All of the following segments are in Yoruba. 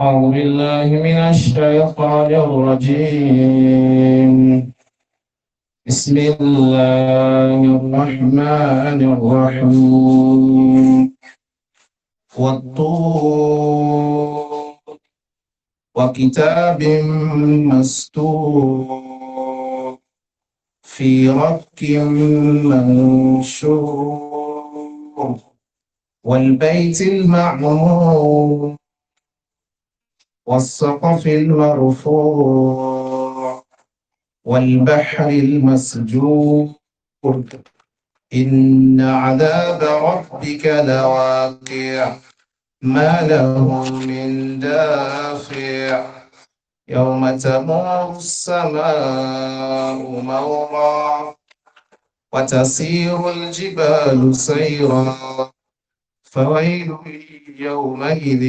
أعوذ بالله من الشيطان الرجيم بسم الله الرحمن الرحيم والطور وكتاب مستور في رك منشور والبيت المعمور والسقف المرفوع والبحر المسجور إن عذاب ربك لواقع ما له من دافع يوم تمر السماء مورا وتسير الجبال سيرا فويل يومئذ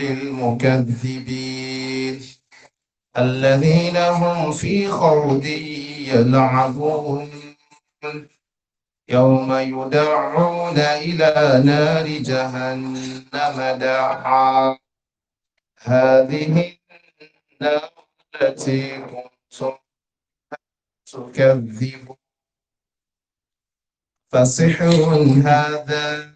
للمكذبين الذين هم في خوض يلعبون يوم يدعون إلى نار جهنم دعا هذه النار التي كنتم تكذبون فسحر هذا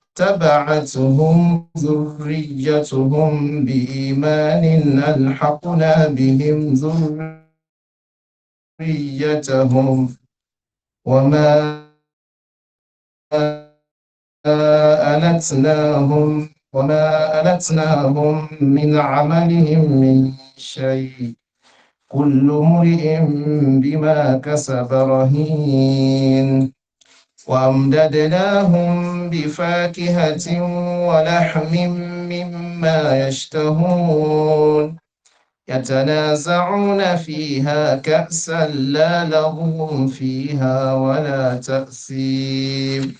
تبعتهم ذريتهم بإيمان ألحقنا بهم ذريتهم وما ألتناهم وما ألتناهم من عملهم من شيء كل امرئ بما كسب رهين وأمددناهم بفاكهة ولحم مما يشتهون يتنازعون فيها كأسا لا لغو فيها ولا تأثيم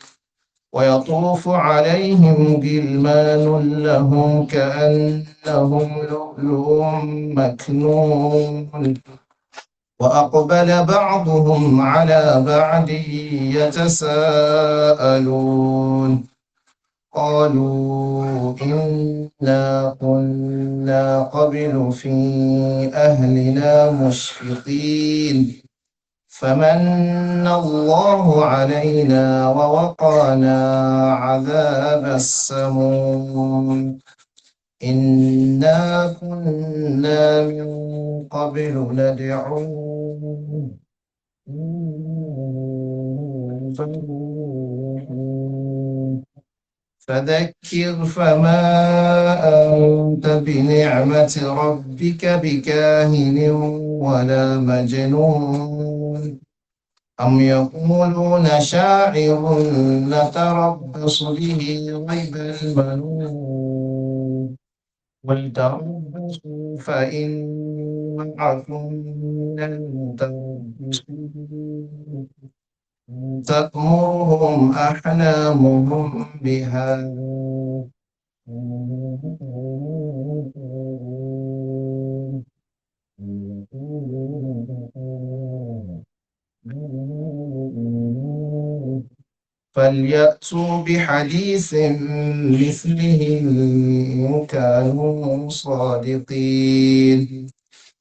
ويطوف عليهم غلمان لهم كأنهم لؤلؤ مكنون وأقبل بعضهم على بعد يتساءلون قالوا إنا كنا قبل في أهلنا مشفقين فمن الله علينا ووقانا عذاب السموم إنا كنا من قبل ندعوه فذكر فما أنت بنعمة ربك بكاهن ولا مجنون أم يقولون شاعر نتربص به ريب المنون ولتربصوا فإن معكم من تأمرهم أحلامهم بها فليأتوا بحديث مثله إن كانوا صادقين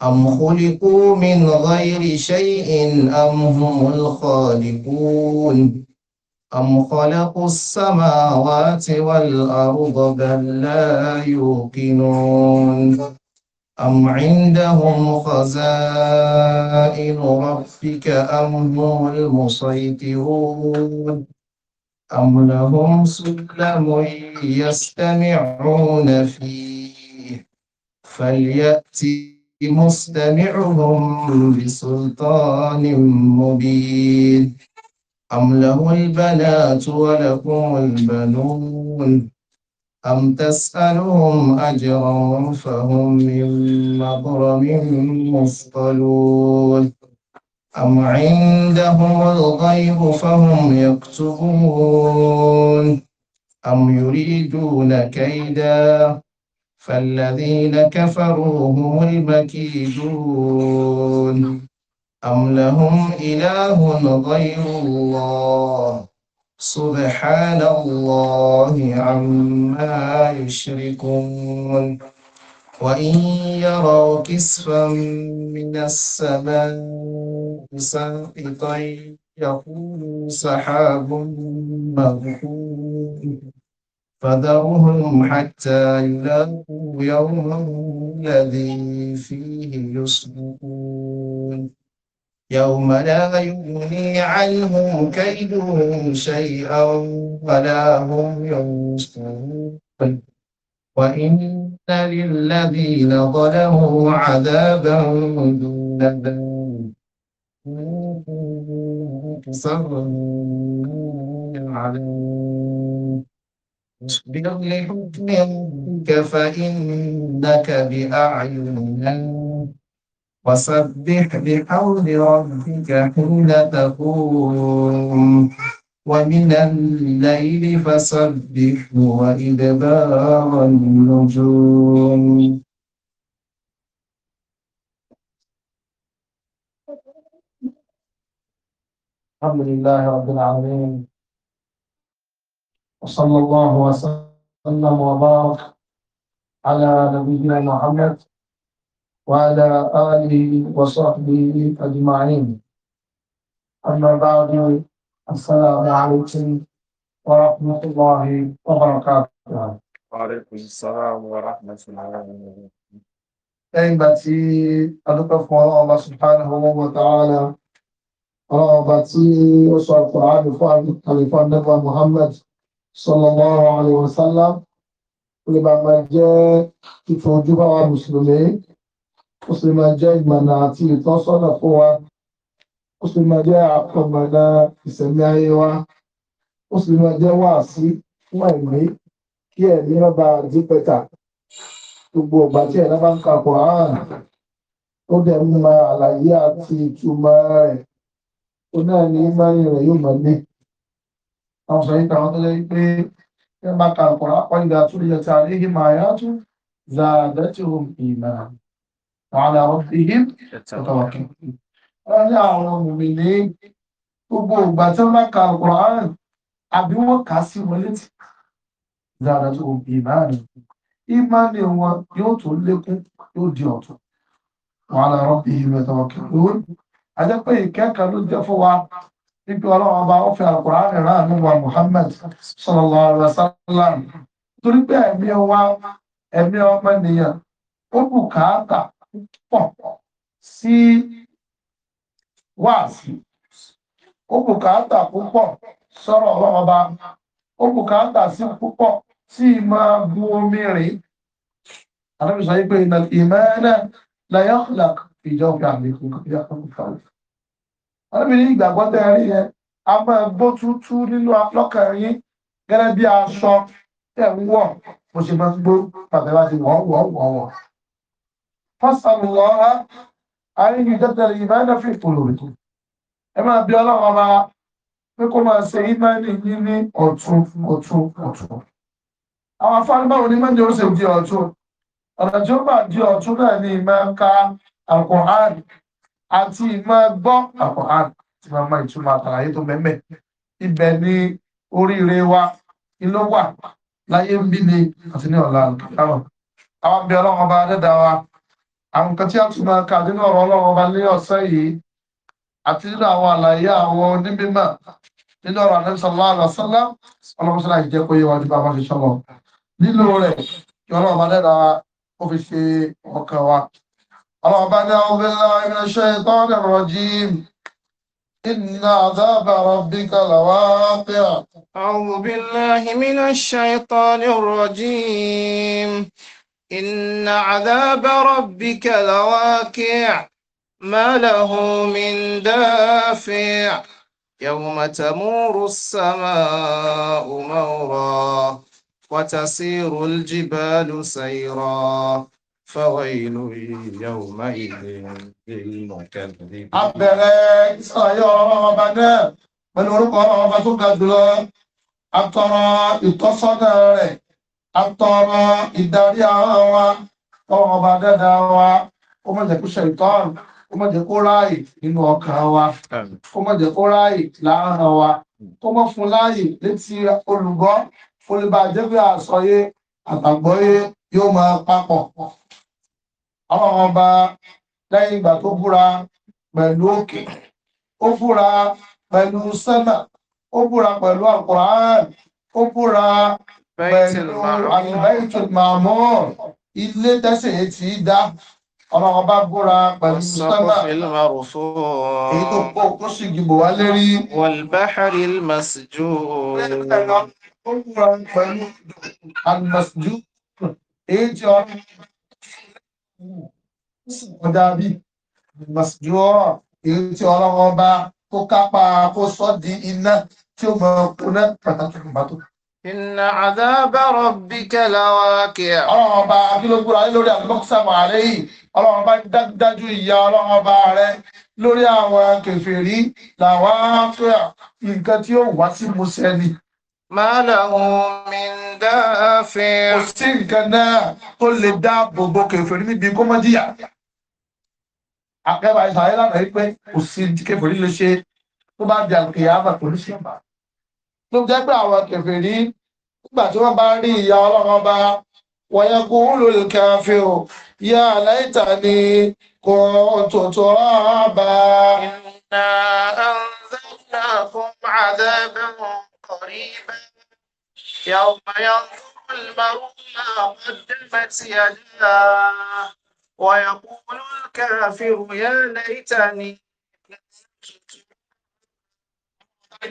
أم خلقوا من غير شيء أم هم الخالقون أم خلقوا السماوات والأرض بل لا يوقنون أم عندهم خزائن ربك أم هم المسيطرون أم لهم سلم يستمعون فيه فليأت مستمعهم بسلطان مبين أم له البنات ولكم البنون أم تسألهم أجرا فهم من مغرم مصطلون أم عندهم الغيب فهم يكتبون أم يريدون كيدا فالذين كفروا هم المكيدون أم لهم إله غير الله سبحان الله عما يشركون وإن يروا كسفا من السماء ساقطا يقول سحاب مغفور فذرهم حتى يلاقوا يومهم الذي فيه يصبحون يوم لا يغني عنهم كيدهم شيئا ولا هم ينصرون وإن للذين ظلموا عذابا دون ذلك بغل حكمك اصبر فإنك بأعيننا وسبح بحول ربك حين تقوم ومن الليل فسبح وإدبار النجوم الحمد لله رب العالمين وصلى الله وسلم وبارك على نبينا محمد وعلى آله وصحبه أجمعين أما بعد السلام عليكم ورحمة الله وبركاته وعليكم السلام ورحمة الله وبركاته لين باتي أدوك فوالا الله سبحانه وتعالى ọlọ́ọ̀bá tí ó sọ Al-Qur'an fún àlèfà nẹ́bà Muhammad sallallahu alaihi wasallam lè bá máa jẹ́ ìfojú bá wa mùsùlùmí ó sì máa jẹ́ ìgbàna àti ìtọ́sọ́nà fún wa ó sì máa jẹ́ àkọgbàna ìṣẹ̀mí ayé wa ó sì máa jẹ́ wáàsí fún ẹ̀mí kí ẹ̀mí má bàa dí gbogbo ọgbà tí ẹ̀dá bá ń ka Qur'an ó dẹ̀ mú àlàyé àti ìtumọ̀ rẹ̀ ó náà ní ìmánì rẹ̀ yóò máa lé àwọn sọ̀rọ̀ nípa àwọn tó lẹ́yìn pé ẹ máa ka ọ̀pọ̀lọpọ̀ àpọ̀lìdà tó lè yọta àríhì máa yá tún zàdẹ́tì ohun ìmọ̀ àwọn àwọn ìhí ọ̀tọ̀wọ̀kẹ́ wọ́n ní àwọn ọmọ mi ní gbogbo ìgbà tí wọ́n bá ka ọ̀pọ̀lọpọ̀ àrùn àbí wọ́n kà á sí wọn létí zàdẹ́tì ohun ìmọ̀ àrùn ìmánì wọn yóò tó lékún yóò di ọ̀tún wọ́n á lọ rọ́ ajẹ́ pé ìkẹ́kẹ́ ló jẹ́ fún wa níbi ọlọ́run ọba ọ̀fẹ́ Al-Qur'an ìran níwà Muhammad sallallahu alaihi wasallam torí pé ẹ̀mí wa ẹ̀mí ọmọ ènìyàn ó bùkátà púpọ̀ sí wáàsí ó bùkátà púpọ̀ sọ̀rọ̀ ọlọ́run ọba ó bùkátà sí púpọ̀ tí ìmọ̀ bu omi rìn àdébísọ̀ yìí pé ìmọ̀ ẹ̀nà la yakhlaq ìjọba àlékún kọjá kọjá kọjá arábìnrin ìgbàgbọ́ tẹ́ rí yẹn a máa gbó tútú nínú lọ́kàn yín gẹ́gẹ́ bí aṣọ tẹ̀ ń wọ̀ bó ṣe máa ń gbó bàbá bá ti wọ̀ wọ̀ wọ̀ wọ̀. fásitì lọ́ra àríyìn dẹ́tẹ̀rẹ̀ ìmáyínà fi ìpòlò rẹ̀ ẹ máa bí ọlọ́run ọba pé kó máa ṣe ìmáyínà yín ní ọ̀tún ọ̀tún ọ̀tún. àwọn afárí báwo ni mẹ́jọ ó di ọ̀tún ọ̀nà tí ó bá di ọ̀tún náà ni máa ń ka àti ìmọ̀ gbọ́ àkọ́hán tí máa ma ìtumọ̀ àtàlàyé tó mẹ́mẹ́ ibẹ̀ ni oríire wa ló wà láyé ń bí ni àti ní ọ̀la àlùkàmọ́ àwọn bí ọlọ́run ọba dẹ́dà wa àwọn nǹkan tí a tún máa kà nínú ọ̀rọ̀ ọlọ́run ọba ní ọ̀sẹ̀ yìí àti nínú àwọn àlàyé àwọn onímọ̀ nínú ọ̀rọ̀ àlẹ́ sọ̀lá àlọ́sọ́lá ọlọ́run sọ́lá ìjẹ́ kó yé wa ju bá bá fi nílò rẹ̀ ọlọ́run ọba dẹ́dà wa ó fi ṣe ọkàn wa ربنا أعوذ بالله من الشيطان الرجيم إن عذاب ربك لواقع أعوذ بالله من الشيطان الرجيم إن عذاب ربك لواقع ما له من دافع يوم تمور السماء مورا وتسير الجبال سيرا فويل يومئذ للمكذبين abẹ̀rẹ̀ ìsàyọ̀ ọba náà pẹ̀lú orúkọ ọba tó ga jùlọ atọrọ ìtọ́sọ́nà rẹ̀ atọrọ ìdarí àwọn wa ọba dẹ́dà wa ó má jẹ́ kó ṣẹ̀tọ́n ó má jẹ́ kó ráàyè nínú ọkàn wa ó má jẹ́ kó ráàyè láàrán wa kó má fún àwọn ọba lẹ́yìn ìgbà tó búra pẹ̀lú òkè ó búra pẹ̀lú sẹ́mà ó búra pẹ̀lú alkùnrán ó búra pẹ̀lú alìbẹ́ìtù màmọ́ ilé tẹ́sẹ̀ tí dá ọ̀rọ̀ ọba búra pẹ̀lú sẹ́mà èyí tó kó kó sì gbìbò wá lérí wàlbáhárì masjú ó búra pẹ̀lú almasjú èyí tí ọ̀rọ̀ ó sì kọjá bí masjúrọ̀ èyí tí ọlọ́wọ́ bá tó kápá kó sọ́ di iná tí ó mọ̀ kúná pàtàkì ìbátò. Inna àdábà rabbika lawaqi'. Ọlọ́run ọba Akílógúnra lórí àlùmọ́kùsàmù ààrẹ yìí, ọlọ́run ọba dájú ìyá ọlọ́run ọba rẹ lórí àwọn kèfèrí làwọn á nǹkan tí ó wá sí Mùsẹ̀ máa làwọn mi ń dáfẹ́. kò sí nǹkan náà tó lè dáàbò bo kèfèrí níbi kó mọ́ jìyà. akẹ́bàá ìsàlẹ̀ lànà yìí pé kò sí kèfèrí lè ṣe tó bá di àlùkè yàrá pẹ̀lú ṣèbà. ló jẹ́ pé àwọn kèfèrí nígbà tí wọ́n bá rí ìyá ọlọ́run ọba wọ́n yẹ kó o yá aláìta ni kò tòótọ́ ọba. ìnà àǹzẹ́nà fún àdẹ́bẹ̀wọ̀n. قريبا يوم ينظر المرء ما قدمت يداه ويقول الكافر يا ليتني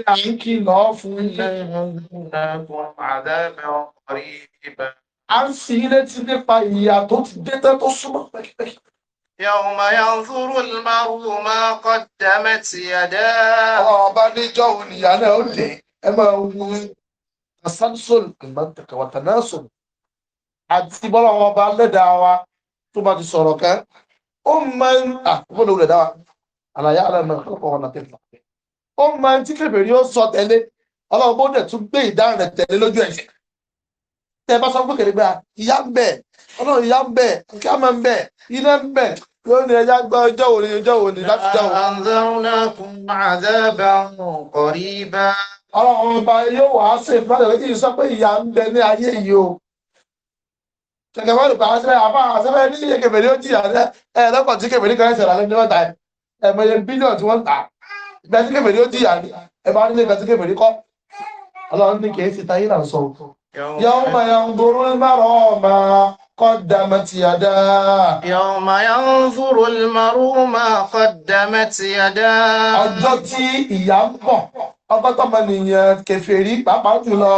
يوم ينظر المرء ما قدمت يداه. ọba níjọ́ òníyàn náà ó ẹ máa wo tasansul ìmọ̀ntẹ̀kẹ̀ wàtánásul àti bọ́lá wọn bá lẹ́dàá wa tó bá ti sọ̀rọ̀ kan ó máa ń àkókò lẹ́dàá wa àlàyé àlàmọ̀ ìkọ̀kọ̀ wọn àti ìfàkẹ́ ó máa ń tí kébèrè ó sọ tẹ́lé ọlọ́run bó dẹ̀ tún gbé ìdáhùn rẹ̀ tẹ̀lé lójú ẹ̀ṣẹ̀ tẹ bá sọ pé kèrè gbà ìyá ń bẹ ọlọ́run ìyá ń bẹ ìkà máa ń bẹ iná ń bẹ yóò ní ẹja gbọ́ ọjọ́ òní ọjọ́ òní láti dáhùn. àǹzọ́rùn náà kún àzẹ́bà ọ̀rọ̀ ọlọ́run ọba yóò wá sí ìfúnnáṣẹ́ lójú sọ pé ìyà ń bẹ ní ayé yìí o ṣẹ̀kẹ̀ bọ́ọ̀lù pa àṣẹ́fẹ́ àbá àṣẹ́fẹ́ ní iye kẹfẹ́ ní ó jìyà rẹ ẹ lọ́kọ̀ tí kẹfẹ́ ní kan ṣẹlẹ̀ alẹ́ níwọ̀n tàí ẹ̀mọye bílíọ̀n tí wọ́n tà ìgbà tí kẹfẹ́ ní ó jìyà ní ẹ bá nílé ìgbà tí kẹfẹ́ ní kọ́ ọlọ́run ní kìí sí táyé náà sọ yọ́mọ yọ́n burú márọ̀ ọ̀mà قدمت يداه يوم ينظر المرء ọjọ́ tí ìyà ń bọ̀ ọgbọ́n tọmọnìyàn kẹfẹ́rí pàápàá jùlọ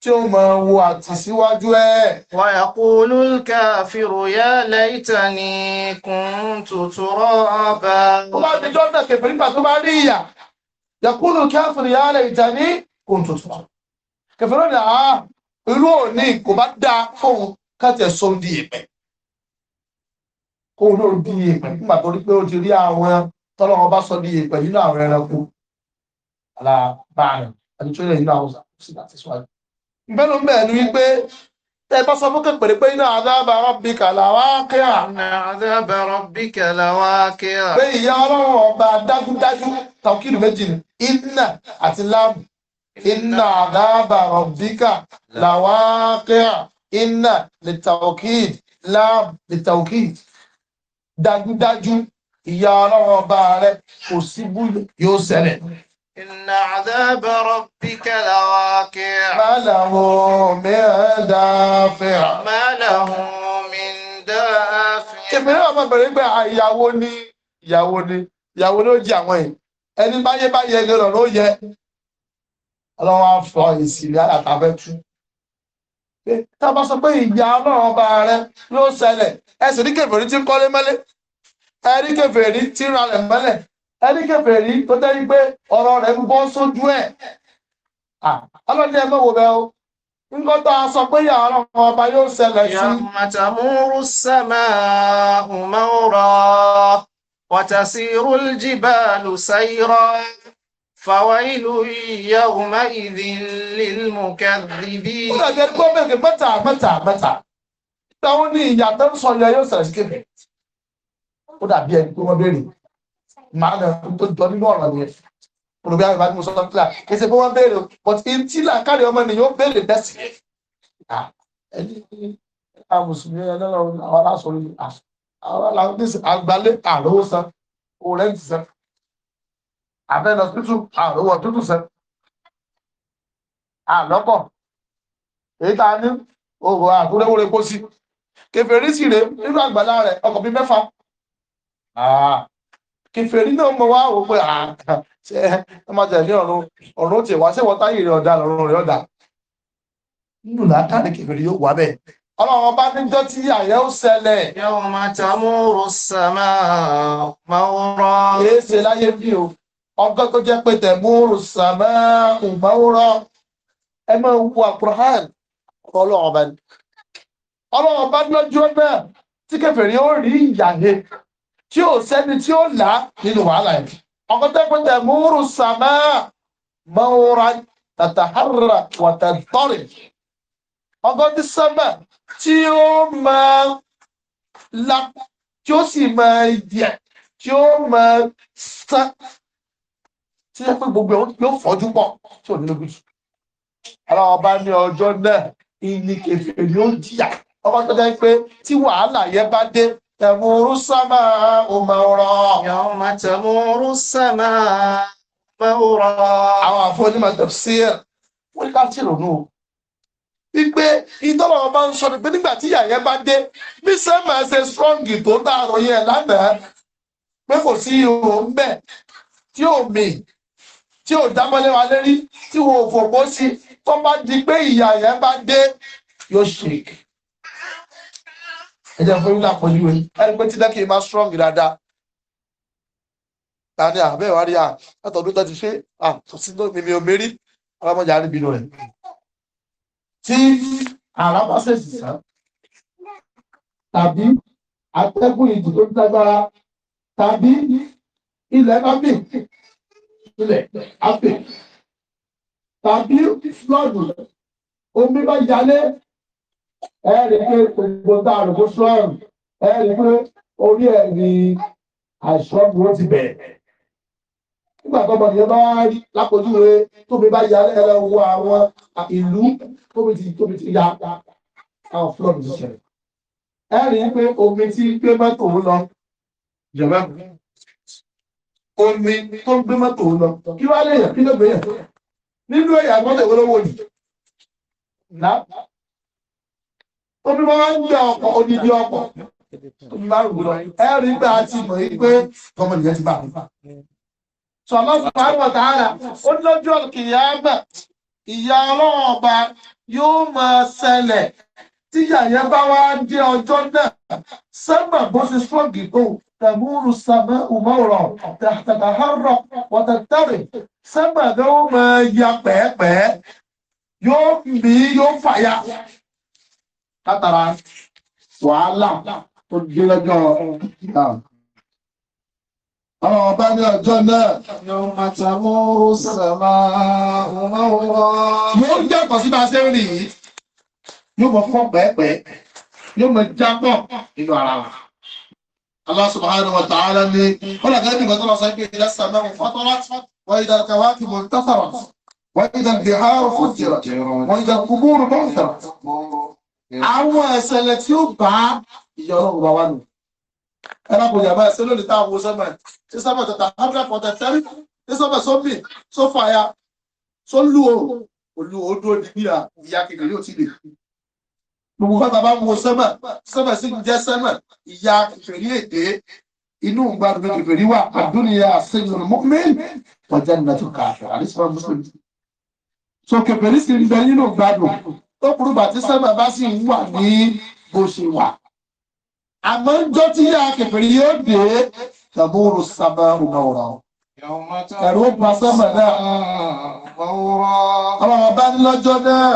tí ó mọ wo àtìsíwájú ẹ̀. wa yaqulul kafiru ya laytani kuntu turaba. ó bá ti jọ́ náà kẹfẹ́rí pàtó bá rí ìyà yaqulul kafiru ya laytani kuntu turaba. kẹfẹ́rí ni àá irú òní kò bá dáa fóun káàtì ẹ̀sọ́ di ìpẹ́ kóun náà di ìpẹ́ nígbà tó rí pé ó ti rí àwọn tọ́lọ́wọ́ bá sọ di ìpẹ́ nínú àwọn ẹranko ala báàrin ẹni tó yẹ iná ọ̀sà sí láti sọ́yìn. ìbẹ́nu bẹ́ẹ̀ ni wípé tẹ́ ẹ bá sọ fún kẹpẹ̀rẹ́ pé iná àdábà rabbika lawaqi'a. àdábà rabbika lawaqi'a. pé ìyá ọlọ́run ọba dájúdájú tàkìlù méjì ni iná àti láàmù iná àdábà rabbika lawaqi'a iná litawkid láàmù litawkid dájúdájú ìyá ọlọ́run ọba rẹ kò síbú yóò ṣẹlẹ̀. إن عذاب ربك لواقع ما له من دافع ما له من دافع èmi náà máa bẹ̀rẹ̀ pé ìyàwó ni ìyàwó ni ìyàwó ló jẹ àwọn yìí ẹni báyé báyé ìsìlẹ̀ alàtàfẹ́ tú tá a bá sọ pé ìyá ọlọ́run ọba rẹ ló ṣẹlẹ̀ ẹ sì rí kèfèrí tí ń kọ́lé mọ́lé ẹ rí kèfèrí tí ń ralẹ̀ mọ́lẹ̀ ẹni kẹfẹ́ rí tó jẹ́ wípé ọ̀rọ̀ rẹ̀ ń bọ́ sójú ẹ̀ ọlọ́dẹ ẹ mọ̀wò bẹ́ẹ̀ o nǹkan tó a sọ pé yàrá ọmọ ọba yóò ṣẹlẹ̀ sí. yàmùtàmúrú sẹ́mà ọmọọ̀rọ̀ wàtàsírù jìbàlù sáírọ̀ fàwáìlú yàwùmá ìdílìmù kẹrìbí. ó dàbí ẹni gbọ́ bẹ̀rẹ̀ mẹ́ta mẹ́ta mẹ́ta táwọn ní ìyá tó ń sọ yẹn yóò ṣẹlẹ̀ sí kébì ó dàbí ẹni màá nà tó jọ nínú ọ̀rọ̀ yẹn olùgbé àgbà tí mo sọ nípa kẹsẹ̀ fún wọn béèrè but in tí làákàrí ọmọ nìyẹn ó béèrè dẹ́sì ẹni àmùsùnmí ẹlẹ́rọ àwọn aláṣọrí àwọn aláṣọrí àgbálé àlówó san òrẹ́ǹtì san àbẹ́nà tútù àlówó tútù san àlọ́pọ̀ èyí tá a ní òwò àkúrẹ́wọ́rẹ́ kó sí kẹfẹ́ rí sí rèé nínú àgbàlá rẹ̀ ọkọ̀ bíi mẹ́fà kèfèrí náà mọ̀ wá wò pé àkà ah, ṣe ẹ máa tẹ̀lé ọ̀run ọ̀run tí wá sí wọ́tá yìí rẹ̀ ọ̀dà lọ́rùn rẹ̀ ọ̀dà nínú làákàrí kèfèrí yóò wá bẹ́ẹ̀ ọlọ́run bá níjọ́ tí àyẹ́ ó ṣẹlẹ̀ yóò máa ta múrò sàmà máwúrọ́ èé ṣe láyé bí o ọgọ́ tó jẹ́ pé tẹ̀ múrò sàmà máwúrọ́ ẹ máa wo àkùrán ọlọ́run bá ní ọlọ́run bá lọ́jọ́ náà tí kèfèrí rí ìyà tí ò sẹ́ni tí ó là nínú wàhálà yìí ọkọ̀ tẹ́pẹ́tẹ́ múrù sàmà mọ́ra tàtàhárà wàtàtọ́rì ọkọ̀ tí sàmà tí ó máa la tí ó sì máa yẹ tí ó máa sá tí ó pé gbogbo ẹ̀wọ̀n yóò fọ́jú pọ̀ tí ò nílò gbèsè ara ọba ní ọjọ́ náà ìní ni ó jìyà ọkọ̀ tẹ́pẹ́ pé tí wàhálà yẹn bá dé تمور السماء مورا يوم تمور السماء مورا àwọn àfọ́jú máa tafsir wọ́n ká tí ronú o wípé ìtọ́lọ̀ ọba ń sọ pé nígbà tí yàyẹ bá dé bí sẹ́mà ṣe strọ́ǹgì tó dáàrọ̀ yẹn lánàá pé kò sí ihò bẹ̀ tí ò mì tí ò dámọ́lé wa lérí tí wọn ò fòpó sí tó bá di pé ìyàyẹ bá dé yóò ṣèké ẹjẹ́ fún ilé àpọ̀jú rẹ̀ ẹni pé tí lẹ́kì máa strong dáadáa ta ni àbẹ́ ìwà rí à látọ̀dún tó ti ṣe à tó sí tó mímí omérí ọlọ́mọjà rí bínú rẹ̀ tí àrá bá ṣèṣì tàbí atẹ́gùn ìjì tó lágbára tàbí ilẹ̀ bábì ilẹ̀ ápè tàbí flood omi bá jalè ẹ rí pé gbogbo tá a rò kó strong ẹ rí pé orí ẹ ní àìsàn ló ti bẹ̀rẹ̀ nígbà tó ọmọ bá rí lápòjúwe tóbi bá ya lẹ́rẹ̀ owó àwọn ìlú tóbi ti tóbi ti ya àwọn flood ti ṣẹlẹ̀ ẹ rí pé omi tí gbé mọ́tò ń lọ jọba omi tó ń gbé mọ́tò ń lọ kí wá lè kí ló gbé yàn nínú ẹ̀yà mọ́tò ìwé lówó yìí omi máa ń gbé ọkọ̀ odidi ọkọ̀ omi máa ń gbúdọ̀ ẹ̀rí gbà àti ìmọ̀ yìí pé gọ́mọ̀ nìyẹn ti bá mi. sọlá sùpàgọ́ tààrà ó lọ́jọ́ kìyàmà ìyá ọlọ́run ọba yóò máa ṣẹlẹ̀ tí yàyẹ bá wá dé ọjọ́ náà sábà bó ṣe sọ́ọ̀gì tó tẹ̀múrù sàmẹ́ òmọ́rọ̀ tàtàhárọ̀ wọ́tẹ̀tẹ̀rẹ̀ sábà ló máa ya pẹ́ẹ́pẹ́ẹ́ yóò mí yóò fàya látara wàhálà tó dé lọ́jọ́ ìyá. Àwọn ọba ní ọjọ́ náà. Yóò máa ta mọ́rú sàmà ọmọ. Yóò ń dẹ́kọ̀ sí máa ṣe ń rìn yìí. Yóò mọ fọ́ pẹ́ẹ́pẹ́. Yóò mọ jábọ̀ nínú ara wa. Allah subhanahu wa ta'ala ni. Ó làgẹ́ nígbà tó lọ sọ pé ìdá sàmà òun fọ́tọ́lá wọ́n ìdá kàwá kì mọ̀ ń tọ́sọ̀rọ̀. وإذا البحار فجرت وإذا القبور بعثرت àwọn ẹ̀sẹ̀lẹ̀ tí ó bá ìyá ọlọ́run bá wà nù ẹlọ́pùn ìyàbá ẹ̀sẹ̀ lónìí tá àwọn sẹ́mẹ̀ tí sẹ́mẹ̀ tẹ̀tà hundred for thirty tí sẹ́mẹ̀ sómi tó fàya tó lù ó olú odó di níra ìyá kékeré ò tí lè gbogbo bàbá bá wo sẹ́mẹ̀ sẹ́mẹ̀ sì jẹ́ sẹ́mẹ̀ ìyá kékeré èdè inú gbàdúgbò kékeré wà àdúnyà sẹ́yìn mọ́kúnmẹ́n wọ́n tó kúrúgbà tí sẹ́mà bá sì ń wà ní bó ṣe wà àmọ́ ń jọ́ tí yá kẹfìrí yóò dé tàbúrú sábà rúmọ̀ọ́rọ̀ ẹ̀rù ó ba sẹ́mà náà ọlọ́wọ́ bá ní lọ́jọ́ náà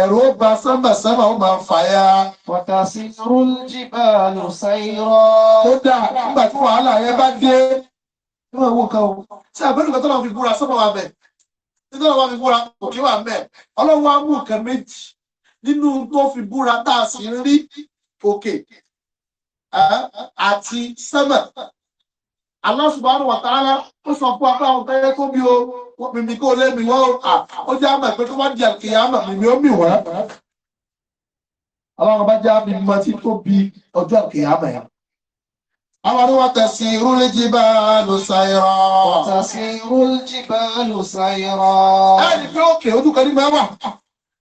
ẹ̀rù ó ba sẹ́mà sẹ́mà ó máa ń fàyà. pọ̀tà sí rúlùjìbà ló ṣàìrọ̀. kódà nígbà tí wàhálà yẹn bá dé ní àbẹ̀rù kan tó fi búra sọ́mọ́ wa mẹ́ nítorí wọn fi búra òkè wa mẹ́ ọlọ́wọ́ á mú nǹkan nínú tó fi búra tá a sì ń rí òkè àti sẹ́mẹ̀. Allah subhanahu wa ta'ala ó sọ fún apá àwọn tẹ́lẹ̀ tó bí o mímí kó lé mi wọ́n ó jẹ́ àmọ̀ pé tó bá di àkèyà àmọ̀ mímí ó mì wọ́n. Àwọn ọba jẹ́ àmì mímọ́ tí tó bí ọjọ́ àkèyà àmọ̀ yẹn. Àwọn wa tasiru al-jibalu sayra. Wa tasiru al-jibalu sayra. Ẹ̀rì pé òkè ojú kan ní mẹ́wàá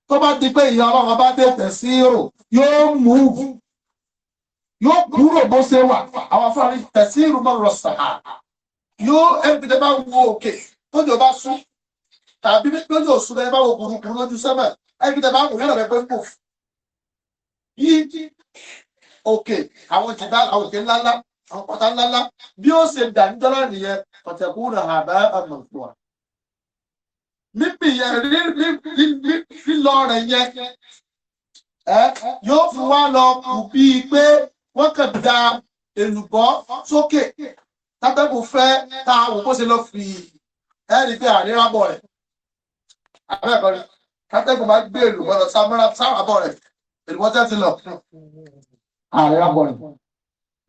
tó bá di pé ìyá ọlọ́run bá dé tẹ̀sí rò yóò mú yóò kúrò bó ṣe wà àwọn afárí tẹ̀sí rò mọ́ rọ̀ sàá yóò ẹ̀bìdẹ́ bá wo òkè tójò bá sún tàbí lójò sún lẹ́yìn bá wo kùrùkùrù lójú sẹ́mẹ̀ ẹ̀bìdẹ́ bá wò yẹn rẹ̀ pé kò yìí tí òkè àwọn jìdá àwọn òkè ńláńlá àwọn pátá ńláńlá bí ó ṣe dà níjọ́lá nìyẹn ọ̀tẹ̀kùn náà àbá àmọ̀ níbi yẹn lílọ rẹ̀ yẹn yóò fún wa lọ kù bíi pé wọ́n kàn da èlùbọ́ sókè tátẹ́kù fẹ́ ta àwọn kó ṣe lọ fi ẹ̀rí pé àrírábọ̀ rẹ̀ abẹ́ẹ̀kọ́ rẹ̀ tátẹ́kù máa gbé èlùbọ́ lọ sáwàbọ̀ rẹ̀ èlùbọ́ tẹ́ ti lọ àrírábọ̀ rẹ̀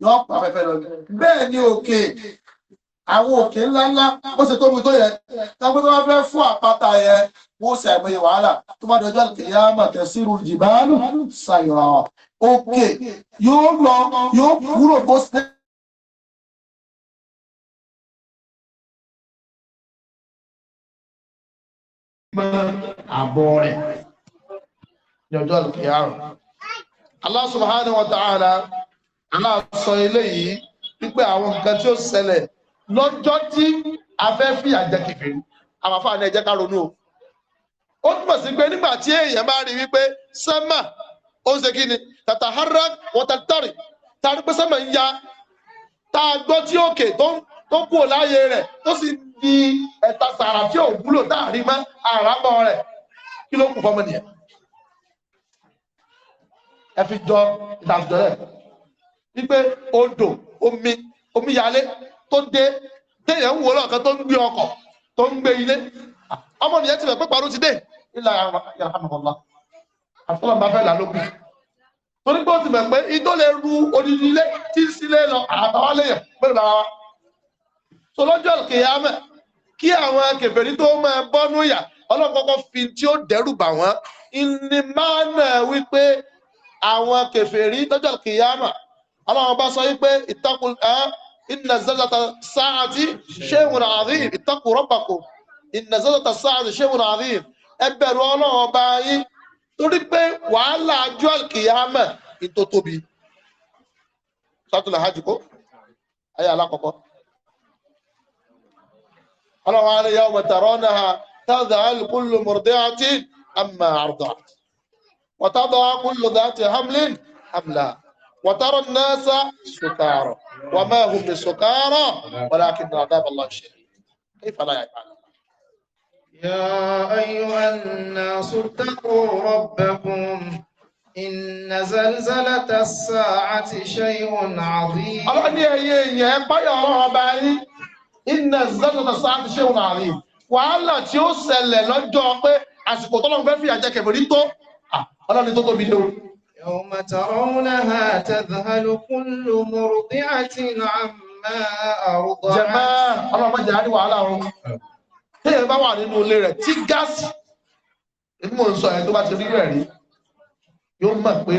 yọ pàfẹ́fẹ́ lọ bẹ́ẹ̀ ni òkè àwọn òkè ńláńlá bó ṣe tóbi tó yẹ tábí tó bá fẹ́ fún àpáta yẹ wọ́n ṣe àìmọye wàhálà tó bá dọjọ́ kìyà màtẹ̀ sírù jìbáàlù ṣàyọ̀ òkè yóò lọ yóò kúrò bó ṣe. àbọ̀ rẹ̀ yọjọ́ kìyà rẹ̀. Allah subhanahu wa ta'ala aláàsọ eléyìí wípé àwọn nǹkan tí ó ṣẹlẹ̀ lọ́jọ́ tí a fẹ́ fi àjẹ kèfèrí àwọn afáàní ẹ̀jẹ̀ ká ronú o ó túmọ̀ sí pé nígbà tí èèyàn bá rí wípé sẹ́mà ó ń ṣe kí ni tàtà hárá wọ́n tà tàrí tàrí pé sẹ́mà ń ya tá a gbọ́ tí òkè tó kú láàyè rẹ̀ tó sì di ẹ̀ta sàrà tí ò wúlò tá a rí mọ́ àràbọ̀ rẹ̀ kí ló kù fọmọ nìyẹn ẹ fi jọ ìdàgbọ́ rẹ̀ wípé odò omi omíyalé tó dé téèyàn ń wò lọ́ọ̀kan tó ń gbé ọkọ̀ tó ń gbé ilé ọmọ nìyẹn ti rẹ̀ pé parọ́ ti dé ilà yàrá àtọ́lọ́mọ afẹ́ là ló kù torí pé ó ti mọ̀ pé idó lè ru odidi ilé tí ń sílé lọ àtàwọn léèyàn pẹ̀lú ara wa so lọ́jọ́ kìyàmẹ̀ kí àwọn kèfèrí tó máa bọ́nú yà ọlọ́kọ́kọ́ fi tí ó dẹ́rù bà wọ́n ní máa nà wípé àwọn kèfèrí lọ́jọ́ kìyàmẹ̀ ọlọ́run bá sọ wípé ìtàkùn inna zalzata sa'ati shay'un 'azim ittaqu rabbakum inna zalzata sa'ati shay'un 'azim ẹ bẹ̀rù Ọlọ́run ọba yín torí pé wàhálà àjọ àkìyàmẹ ìtò tóbi sátúlẹ hajj kó ayé alákọ̀ọ́kọ́ Ọlọ́run àrẹ yawma tarawnaha tadhal kullu murdi'atin amma arda'at wa tada'u kullu dhati hamlin hamlaha. وترى الناس سكارى وما هم بسكارى ولكن عذاب الله شديد كيف لا يفعلون يا أيها الناس اتقوا ربكم إن زلزلة الساعة شيء عظيم أرأني يا يا يا إن زلزلة الساعة شيء عظيم wàhálà tí ó ṣẹlẹ̀ lọ́jọ́ pé àsìkò tọ́lọ́run fẹ́ fìyà jẹ tó ọlọ́run tó tóbi lórí يوم ترونها تذهل كل مرضعة عما أرضعت جماعة الله ما جعلني وعلى أرض tẹ́yẹ̀ bá wà nínú ilé rẹ̀ tí gáàsì mò ń sọ ẹ̀ tó bá ti rí rẹ̀ rí yóò mọ̀ pé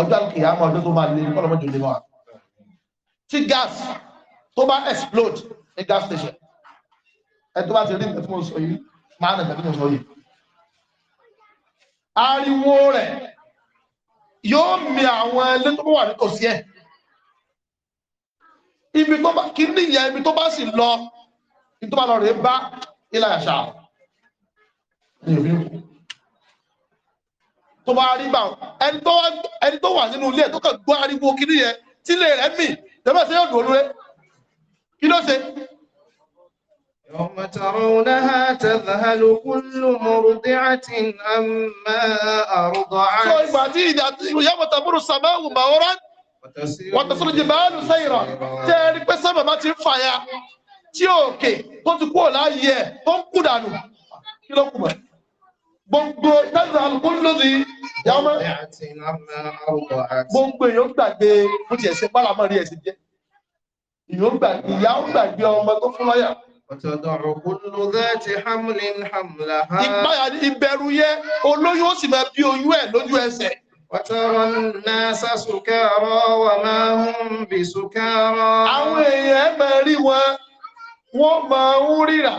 ọjọ́ kìí àmọ́ ọjọ́ tó máa lé ọlọ́mọdé lè wà tí gáàsì tó bá explode ní gas station ẹ̀ tó bá ti rí nǹkan tí mo sọ yìí máa nà nǹkan tí mo sọ yìí ariwo rẹ̀ yóò mi àwọn ilé tó wà nítòsí ẹ̀ ibi tó bá kí níyà ibi tó bá sì lọ ibi tó bá lọ rèé bá ilà àṣà tó bá rí bá ẹni tó wà nínú ilé ẹ̀ tó kàn gbọ́ ariwo kí níyẹn tí ilé rẹ̀ mì tẹ́lẹ̀ yóò dùn olúre kí ló ṣe يوم ترونها تذهل كل مرضعة أما أرضعت يوم تمر السماء مورا وتصل الجبال سيرا tẹ́ẹ̀rí pé sábà máa ti tó ti kúrò láàyè ẹ̀ tó ń kú dànù kí ló kù mọ́ gbogbo tẹ́sán alùpùpù lóde gbogbo èèyàn gbàgbé bó ti ṣe pálá mọ́ rí ẹ̀ ṣe jẹ́ ìyá ó gbàgbé ọmọ tó fún lọ́yà Ọ̀tọ̀dọ̀rọ̀ kúlù dẹ́ẹ̀tì Hamlin Hamlaha. Ìpáyà ìbẹ̀rù yẹ olóyún ó sì máa bí oyún ẹ̀ lójú ẹsẹ̀. Ọ̀tọ̀rọ̀ náà sásùkẹ́rọ̀ wà máa ń bì sùkẹ́rọ̀. Àwọn èèyàn máa rí wọn, wọ́n máa ń ríra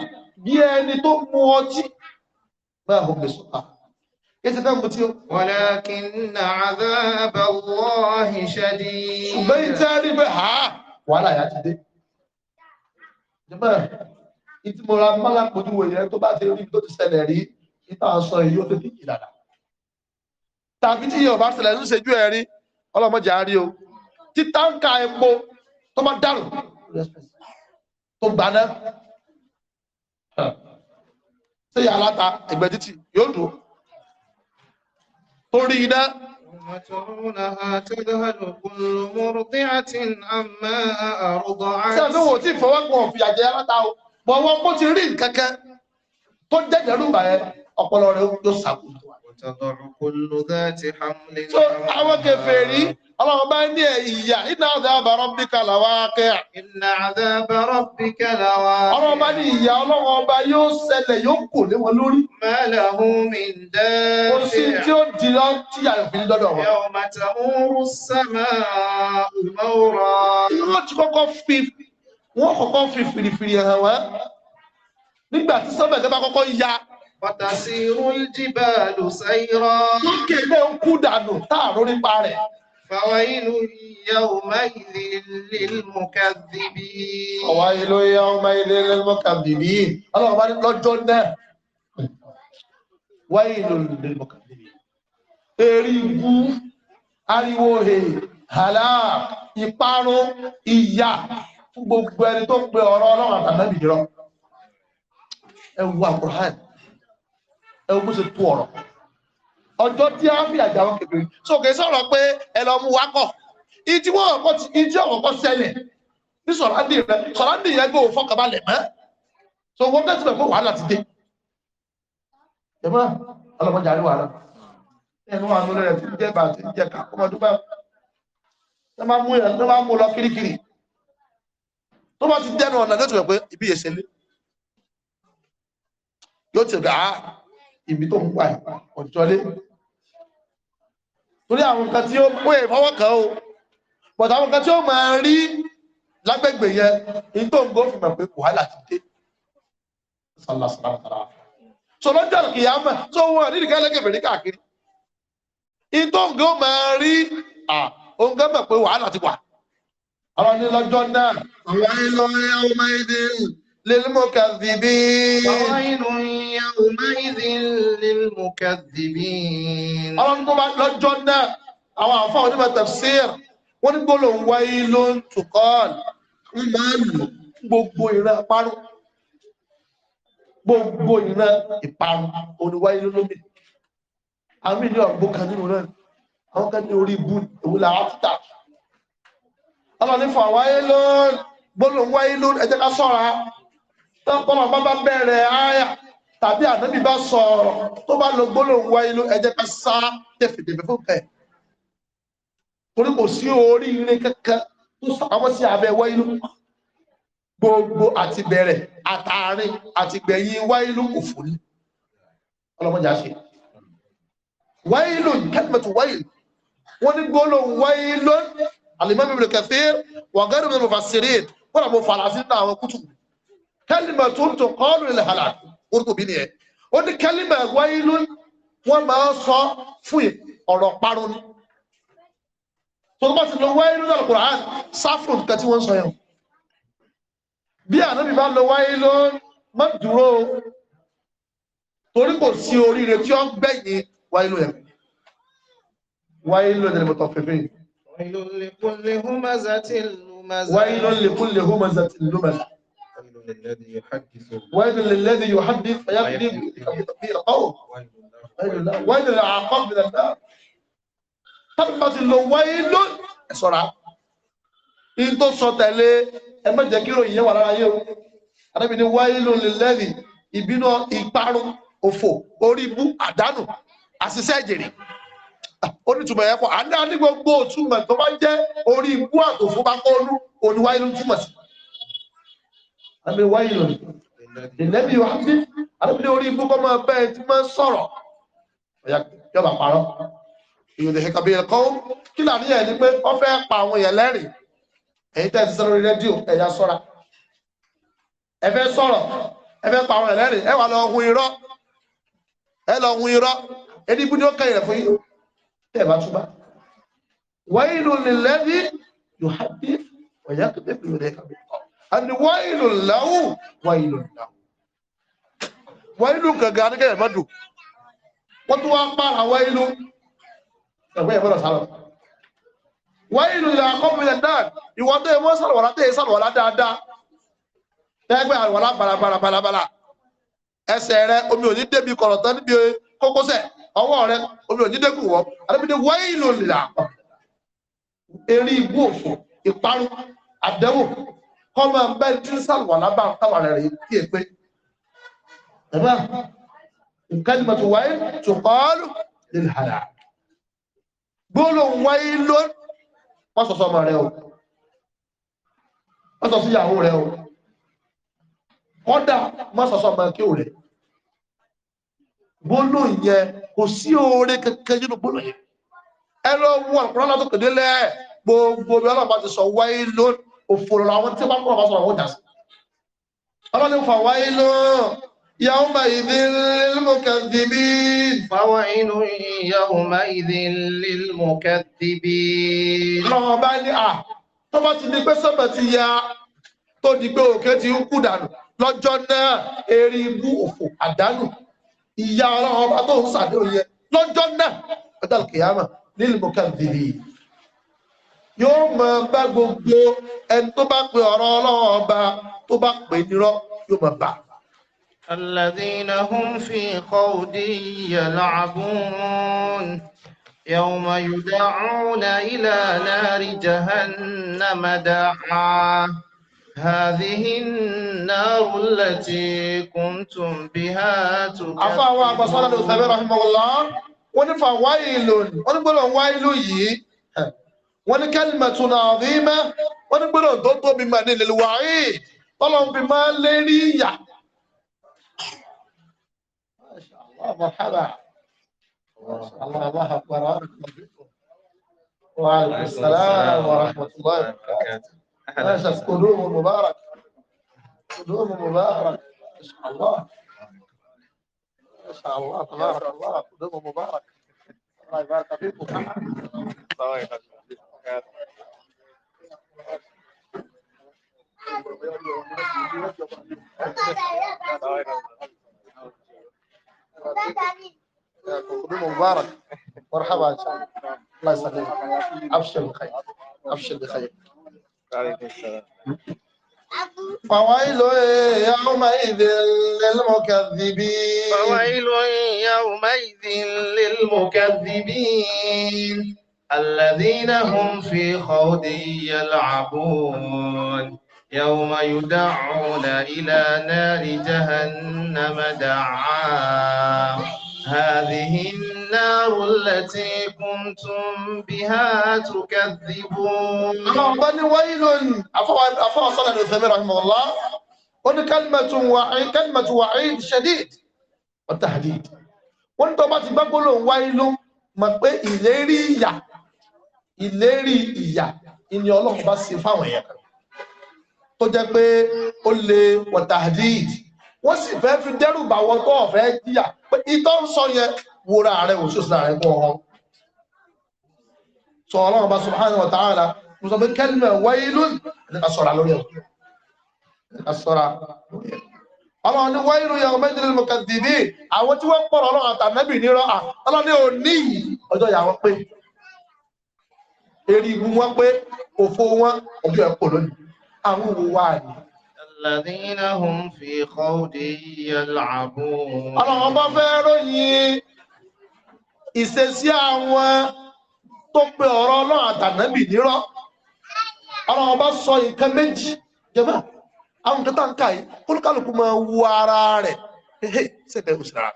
bí ẹni tó mu ọtí. Bẹ́ẹ̀ ò bì sùkà. Yẹ́sẹ̀ fẹ́ mu tí ó. Walakinna azaballahi shadid. Ṣùgbọ́n ìtẹ́rí bẹ́ẹ̀ wàhálà yà ti dé. Jẹ́bẹ̀rẹ̀ ìtí mo ra mọ́lá pọ̀jú wòye tó bá ti rí tó ti ṣẹlẹ̀ rí ìta sọ èyí ó tó ti yìí dada tàbí tí yóò bá ṣẹlẹ̀ ń ṣe jú ẹ rí ọlọ́mọjà rí o tí táǹkà epo tó bá dàrú tó gbaná ṣé yà láta ẹgbẹ́ títì yóò dùn tó rí iná. Ṣé tí ìfọwọ́pọ̀ fìyà jẹ o? bọ̀ wọ́n kó ti rí nǹkan kan tó jẹ́jẹ́ rúbà ẹ ọpọlọ rẹ yóò sàkó. so àwọn kèfèrí ọlọ́run bá ní ìyà iná àdáàbà rọ́bíkà làwọn akẹ́ iná àdáàbà rọ́bíkà làwọn akẹ́ ọlọ́run bá ní ìyà ọlọ́run yóò ti kọ́kọ́ fi wọ́n kọ́kọ́ fi fìrìfìrì hàn wá nígbà tí sọ́bẹ̀ tẹ́ bá kọ́kọ́ ya Fatasirul jibalu sayra. Lókè ilé ń kú dànù táàrú nípa rẹ̀. Fawailu yawmaidhin lil mukadhibin. Fawailu yawmaidhin lil mukadhibin. Ọlọ́run bá ní lọ́jọ́ náà. Wailun lil mukadhibin. Eri ibu, ariwo he, hàlá, ìparun, ìyà fún gbogbo ẹni tó pe ọ̀rọ̀ ọlọ́run àtànábì nírọ́ ẹ wo àkùrán ẹ wo bó ṣe tú ọ̀rọ̀ ọjọ́ tí a fi àjà wọn kékeré sókè sọ̀rọ̀ pé ẹ lọ mú wákọ̀ ìdí wọn ọkọ ti ìdí ọkọ ṣẹlẹ̀ ní sọ̀rọ̀dì rẹ sọ̀rọ̀dì yẹn gbé òfọkànbalẹ̀ mọ́ so wọ́n tẹ̀sí pẹ̀lú wàhálà ti dé jẹ́mọ́ ọlọ́mọdé àríwá rẹ ẹnu àánú rẹ ti jẹ́ bàtí jẹ́ ká ọmọdé bá ẹ máa mú lọ kirikiri tó bá ti dẹnu ọ̀nà lẹ́tọ̀ pé ibi yẹn ṣẹlẹ̀ yóò tẹ̀lé àá ah, ibi tó ń pa ọ̀jọ́lé torí àwọn nǹkan tí ó pè fọwọ́ kan o but àwọn nǹkan tí ó máa rí lágbègbè yẹn ní ń gbó mọ̀ pé wàhálà ti dé so lọ́jọ́ ìyámà tó wọ́n ní ìdíkà lẹ́gẹ̀ẹ́ fèrè káàkiri ní tó ń gbó máa rí àwọn nílọ́jọ́ náà àwọn ìlọrin ọmọ èdè للمكذبين ويل يومئذ للمكذبين àwọn tó bá lọ́jọ́ náà àwọn àfáà onímọ̀ tafsir wọ́n ní gbólóhùn wáyé ló ń tukọ́ọ̀n wọ́n máa ń lò gbogbo ìran parun gbogbo ìran ìparun òní ló lómi àwọn ìlú ọ̀gbọ́n kan nínú náà àwọn kan ní orí ibú ìwúlà áfítà ọlọ́ni fún àwáyé ló gbólóhùn wáyé ló ẹjẹ́ ká sọ́ra tọ́pọ̀lọ́ bá bá bẹ̀rẹ̀ áyà tàbí ànábì bá sọ̀rọ̀ tó bá lo gbólóhùn wáyé ló ẹjẹ́ ká sá tẹ̀fẹ̀tẹ̀fẹ̀ fún kẹ̀ torí kò sí oríire kankan tó sàkáwọ́ sí abẹ́ wáyé ló gbogbo àti bẹ̀rẹ̀ wọ́n ní gbólóhùn wáyé ló alimami ibn kathir wa gari ibn mufassirin wọn àmọ farasin náà àwọn kútù kẹlìmà tó ń tó kọlù ilẹ̀ hàlà orúkọ bí nìyẹn ó ní kẹlìmà wáyé lónìí wọn máa ń sọ fún ọ̀rọ̀ parun ni tó bá ti lọ wáyé lónìí alukur'an sáfùrù nǹkan tí wọn sọ yẹn bí ànábì bá lọ wáyé lónìí má dúró torí kò sí oríire tí ó ń gbẹ̀yìn wáyé lónìí wáyé lónìí ni mo tọ yìí. ويل لكل همزة لمزة ويل لكل همزة لمزة ويل للذي يحدث ويل للذي يحدث فيكذب في القوم ويل للعقاب من النار تبت الويل بسرعة إن تصوت عليه ẹ má jẹ́ kí ròyìn yẹn wà lára yẹ́ o arábìn ni wáyé ló lè lẹ́rìí ìbínú ìparun òfò orí ibú àdánù àṣìṣe ẹ̀jẹ̀rì onítùmọ̀ yẹn pọ̀ àdá ní gbogbo òtúmọ̀ tó bá jẹ́ orí ikú àtòfó bá kọ́ ọdún oníwáyé ló túmọ̀ sí. àmì wáyé lọ ìnẹ́bí wa bí àdébìnrin orí ikú kọ́ máa bẹ́ẹ̀ tí máa ń sọ̀rọ̀ ọ̀yà yọba parọ́ ìyọ̀dẹ̀ ṣe kàbí ẹ̀kọ́ kí làní ẹ̀ ní pé ó fẹ́ pa àwọn èèyàn lẹ́rìn èyí tẹ́ ẹ ti sọ lórí rédíò ẹ̀yà sọ́ra lọ hun irọ́ ẹ lọ hun ẹni ibú ó kẹ́yìn rẹ̀ fún yín tẹ́ bá túbá wáìlù lẹ́bí yóò hábí ọ̀yá tó bẹ́ẹ̀ lórí ẹ̀ka bí ọ̀ àti wáìlù láwù wáìlù láwù wáìlù gàgà ní kẹ́yẹ̀ mọ́dù wọ́n tún wá ń pààrà wáìlù ẹ̀gbẹ́ ìfọ́nà sálọ̀ wáìlù là kọ́mìnà náà ìwọ́n tó yẹ mọ́ sàlùwàlá tó yẹ sàlùwàlá dáadáa tẹ́gbẹ́ àlùwàlá balabala ọwọ́ rẹ omi ò ní dẹ́kù wọ́ alábìdé wáyé ìlò nìlà àpọ̀ eré igbó òfò ìparun àdẹ́wò kọ́mọ ẹgbẹ́ tí ń sàlùwà lábà táwà rẹ̀ rèé kí èpè ẹ̀bá nǹkan ìmọ̀ tó wáyé tó kọ́ọ́lù nìlà àdá wáyé ló wọ́n sọ̀sọ́ ọmọ rẹ o wọ́n sọ ìyàwó rẹ o kọ́dà wọ́n sọ̀sọ́ ọmọ kí o rẹ̀ gbóló yẹn kò sí oore kankan nínú gbóló yẹn ẹ lọ wọ àkùrọ̀ náà tó kéde lẹ́ gbogbo bí ọlọ́pàá ti sọ wáyé ló òfò lọ́rọ̀ àwọn tí wọ́n kọ́ ọ̀pá sọ̀rọ̀ àwọn jà sí ọlọ́ni fà wáyé ló yàwó máa ìdí lílmùkẹ́dìbí fáwọn inú yàwó máa ìdí lílmùkẹ́dìbí lọ́wọ́ bá ní à tó bá ti di pé sọ́bẹ̀ ti ya tó di pé òkè ti ń kú dànù lọ́jọ́ náà eré ibú òfò àdánù يا رب بعضهم صعدوا لي لجنة القيامة للمكذبين يوم بقبو ان تبقى رالابا تبقى بدرا يوم بقى الذين هم في خوض يلعبون يوم يدعون الى نار جهنم دعا هذه النار التي كنتم بها تكذبون عفا وابا صلى الله عليه رحمه الله ونفع ويل ونقول ويل يي ونكلمة عظيمة ونقول ضد بما للوعيد طلعوا بما لنية ما شاء الله مرحبا الله الله وعليكم السلام ورحمة الله وبركاته للاسف قدوم مبارك قدوم مبارك ما شاء الله ما شاء الله تبارك الله قدوم مبارك الله يبارك فيكم الله مبارك مرحبا ان شاء الله الله يسلمك ابشر بخير ابشر بخير السلام فويل يومئذ للمكذبين فويل يومئذ للمكذبين الذين هم في خوض يلعبون يوم يدعون إلى نار جهنم دعاً هذه النار التي كنتم بها تكذبون اللهم بني ويل أفوى صلى الله رحمه الله قل كلمة وعيد كلمة وعيد شديد والتحديد wọ́n tó bá ti gbọ́ gbólóhùn wáìlú mọ̀ pé ìlérí ìyà ìlérí ìyà ìní ọlọ́run bá ṣe fáwọn èèyàn tó jẹ́ pé ó lè wọ̀tàdíìdì wọ́n sì fẹ́ fi dẹ́rù wọn tó ọ̀fẹ́ jíyà pé ìtọ́ ń sọ yẹn wòrà rẹ̀ wò sí láàrin pọ̀ ọ̀hún sọ ọlọ́run bá subhanahu wa ta'ala mo sọ pé kẹ́lìmẹ̀ wailun nípa sọ̀rọ̀ lórí ẹ̀ lórí ẹ̀ ọlọ́run ní wailun yàwó méjìlél mọ̀kàdìbí àwọn tí wọ́n ń pọ̀rọ̀ ọlọ́run àtànẹ́bì à ọlọ́run ní òní ọjọ́ ìyá pé eré wọn pé òfo wọn ọjọ́ ẹ̀kọ́ lónìí àwọn òwò wà nìyí الذين هم في خوض يلعبون الله bá fẹ́ ròyìn ìṣesí àwọn tó pe ọ̀rọ̀ ọlọ́run àtànábì nírọ́ ọlọ́run bá sọ nǹkan méjì jẹ́mọ́ àwọn nǹkan tá ń kà yìí kólúkálùkù máa wu ara rẹ̀ ṣẹlẹ̀ òṣìṣẹ́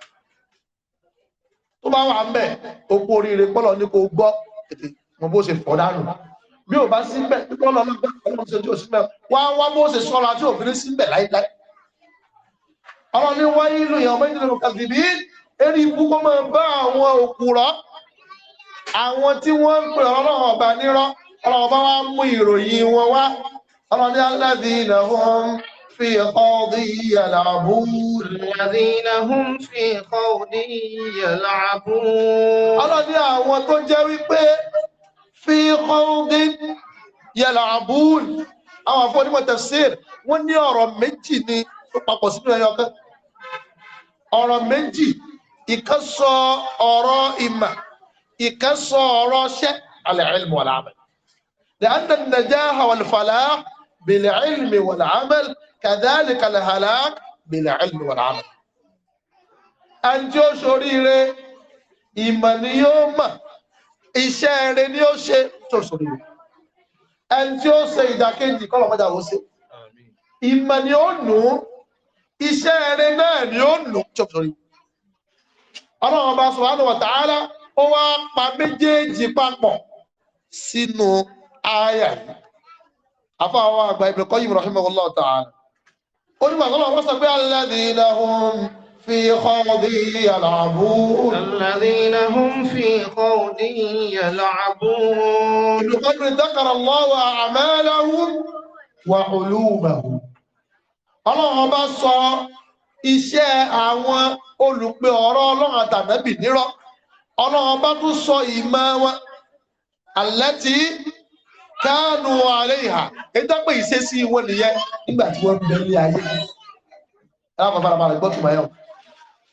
tó bá wà ń bẹ̀ ó oríire pọ́lọ̀ ní kò gbọ́ ètè wọn bó ṣe fọ́ dànù bí ò bá síbẹ̀ kọ́lọ́ náà bá ọlọ́run ṣe tí ò síbẹ̀ wá wá bó ṣe sọ́ra tí òfin síbẹ̀ láíláí ọlọ́run ní wáyé ìlú ìyàwó méjìlá ló kàdì bí eré ibú kó máa bá àwọn òkúrọ́ àwọn tí wọ́n ń pè ọlọ́run ọba nírọ́ ọlọ́run ọba wa mú ìròyìn wọn wá ọlọ́run ní alladhina hum fi khawdi yal'abun alladhina hum fi khawdi yal'abun ọlọ́run ní àwọn tó jẹ́ wípé في خوض يلعبون او افوا ديما تفسير وني اورو ميجي ني باكو سينو يوكا اورو ميجي يكسو اورو اما يكسو اورو العلم والعمل لان النجاح والفلاح بالعلم والعمل كذلك الهلاك بالعلم والعمل ان جو شوري iṣẹ́ rẹ̀ ni ó ṣe ṣòṣòrò ẹni tí ó ṣe ìdákejì kọ́lọ̀mọ́jà ó ṣe ìmọ̀ ni ó nù ú iṣẹ́ rẹ̀ náà ni ó nù ṣòṣòrò ọlọ́run bá subhanahu wa ta'ala ó wá pa méjèèjì papọ̀ sínú àyà yìí afáwọn àgbà Ibn Qayyim rahimahullah ta'ala ó ní màá sọ́lọ́ wọ́n sọ pé alladhina hum في خوض يلعبون الذين هم في خوض يلعبون ابن قدر ذكر الله أعمالهم وعلومهم ọlọ́run ọba sọ iṣẹ́ àwọn olùpẹ ọ̀rọ̀ ọlọ́run àtànábì nírọ̀ ọlọ́run ọba tún sọ ìmọ̀ wọn àlẹ́tí káànù àárẹ̀ ìhà ìdápẹ́ ìṣesí wọn nìyẹn nígbà tí wọ́n ń bẹ ní ayé. ẹ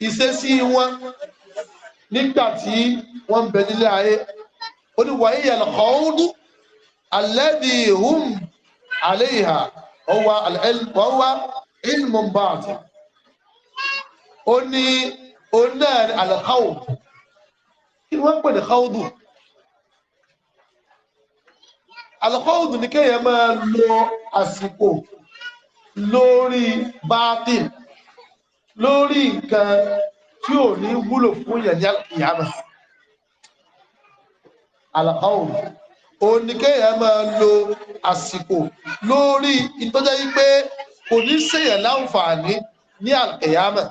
ìṣesí wọn nígbà tí wọ́n ń bẹ nílé ayé ó ní wàá yẹ lọ́ọ́dú alẹ́bí hum àléhà ọwà ọwà ilmùmbàtì ó ní oná alhawd kí wọ́n pè ní hawdu alhawdu ní kéèyàn máa lo àsìkò lórí báàtìlì lórí nǹkan tí ò ní wúlò fún yẹn ní ìyàmà àlàkọ́wò òun ni kéèyàn máa lo àsìkò lórí ìtọ́jẹ́ yí pé kò ní ṣèyàn láǹfààní ní àlàkẹ́yàmà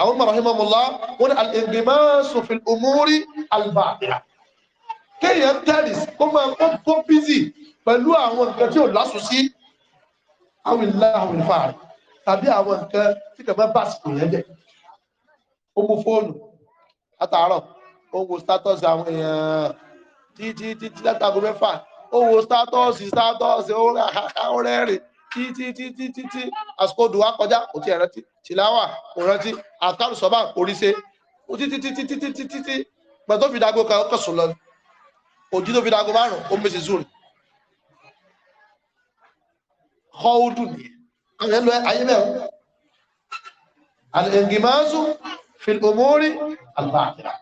àwọn ọmọ rahimahullah wọn ni al-inghimāsu fil-umūri al-bāṭila kéèyàn tẹ́lì kó máa kó kó bízì pẹ̀lú àwọn nǹkan tí ò lásùn àwìnlá àwìnfààní tàbí àwọn nǹkan tí kẹfẹ́ bá sì kò yẹn jẹ ó mú fóònù látàárọ̀ ó wo status àwọn èèyàn títí títí látàgò mẹ́fà ó wo status status ó rà ó rẹ́rìn títí títí títí àsìkò dùn wá kọjá kò tí ẹ rántí tìláwà kò rántí àtàrù sọ́bà kò rí ṣe títí títí títí títí pẹ̀tọ́ fi dago kan ọkọ̀ sùn lọ òjì tó fi dago márùn-ún ó mèsì zúrì kọ́ ó dùn nìyẹn àwọn ẹlò ayé mẹ́rin alẹ́gbìmáṣù fìlòmórí àlàáfíà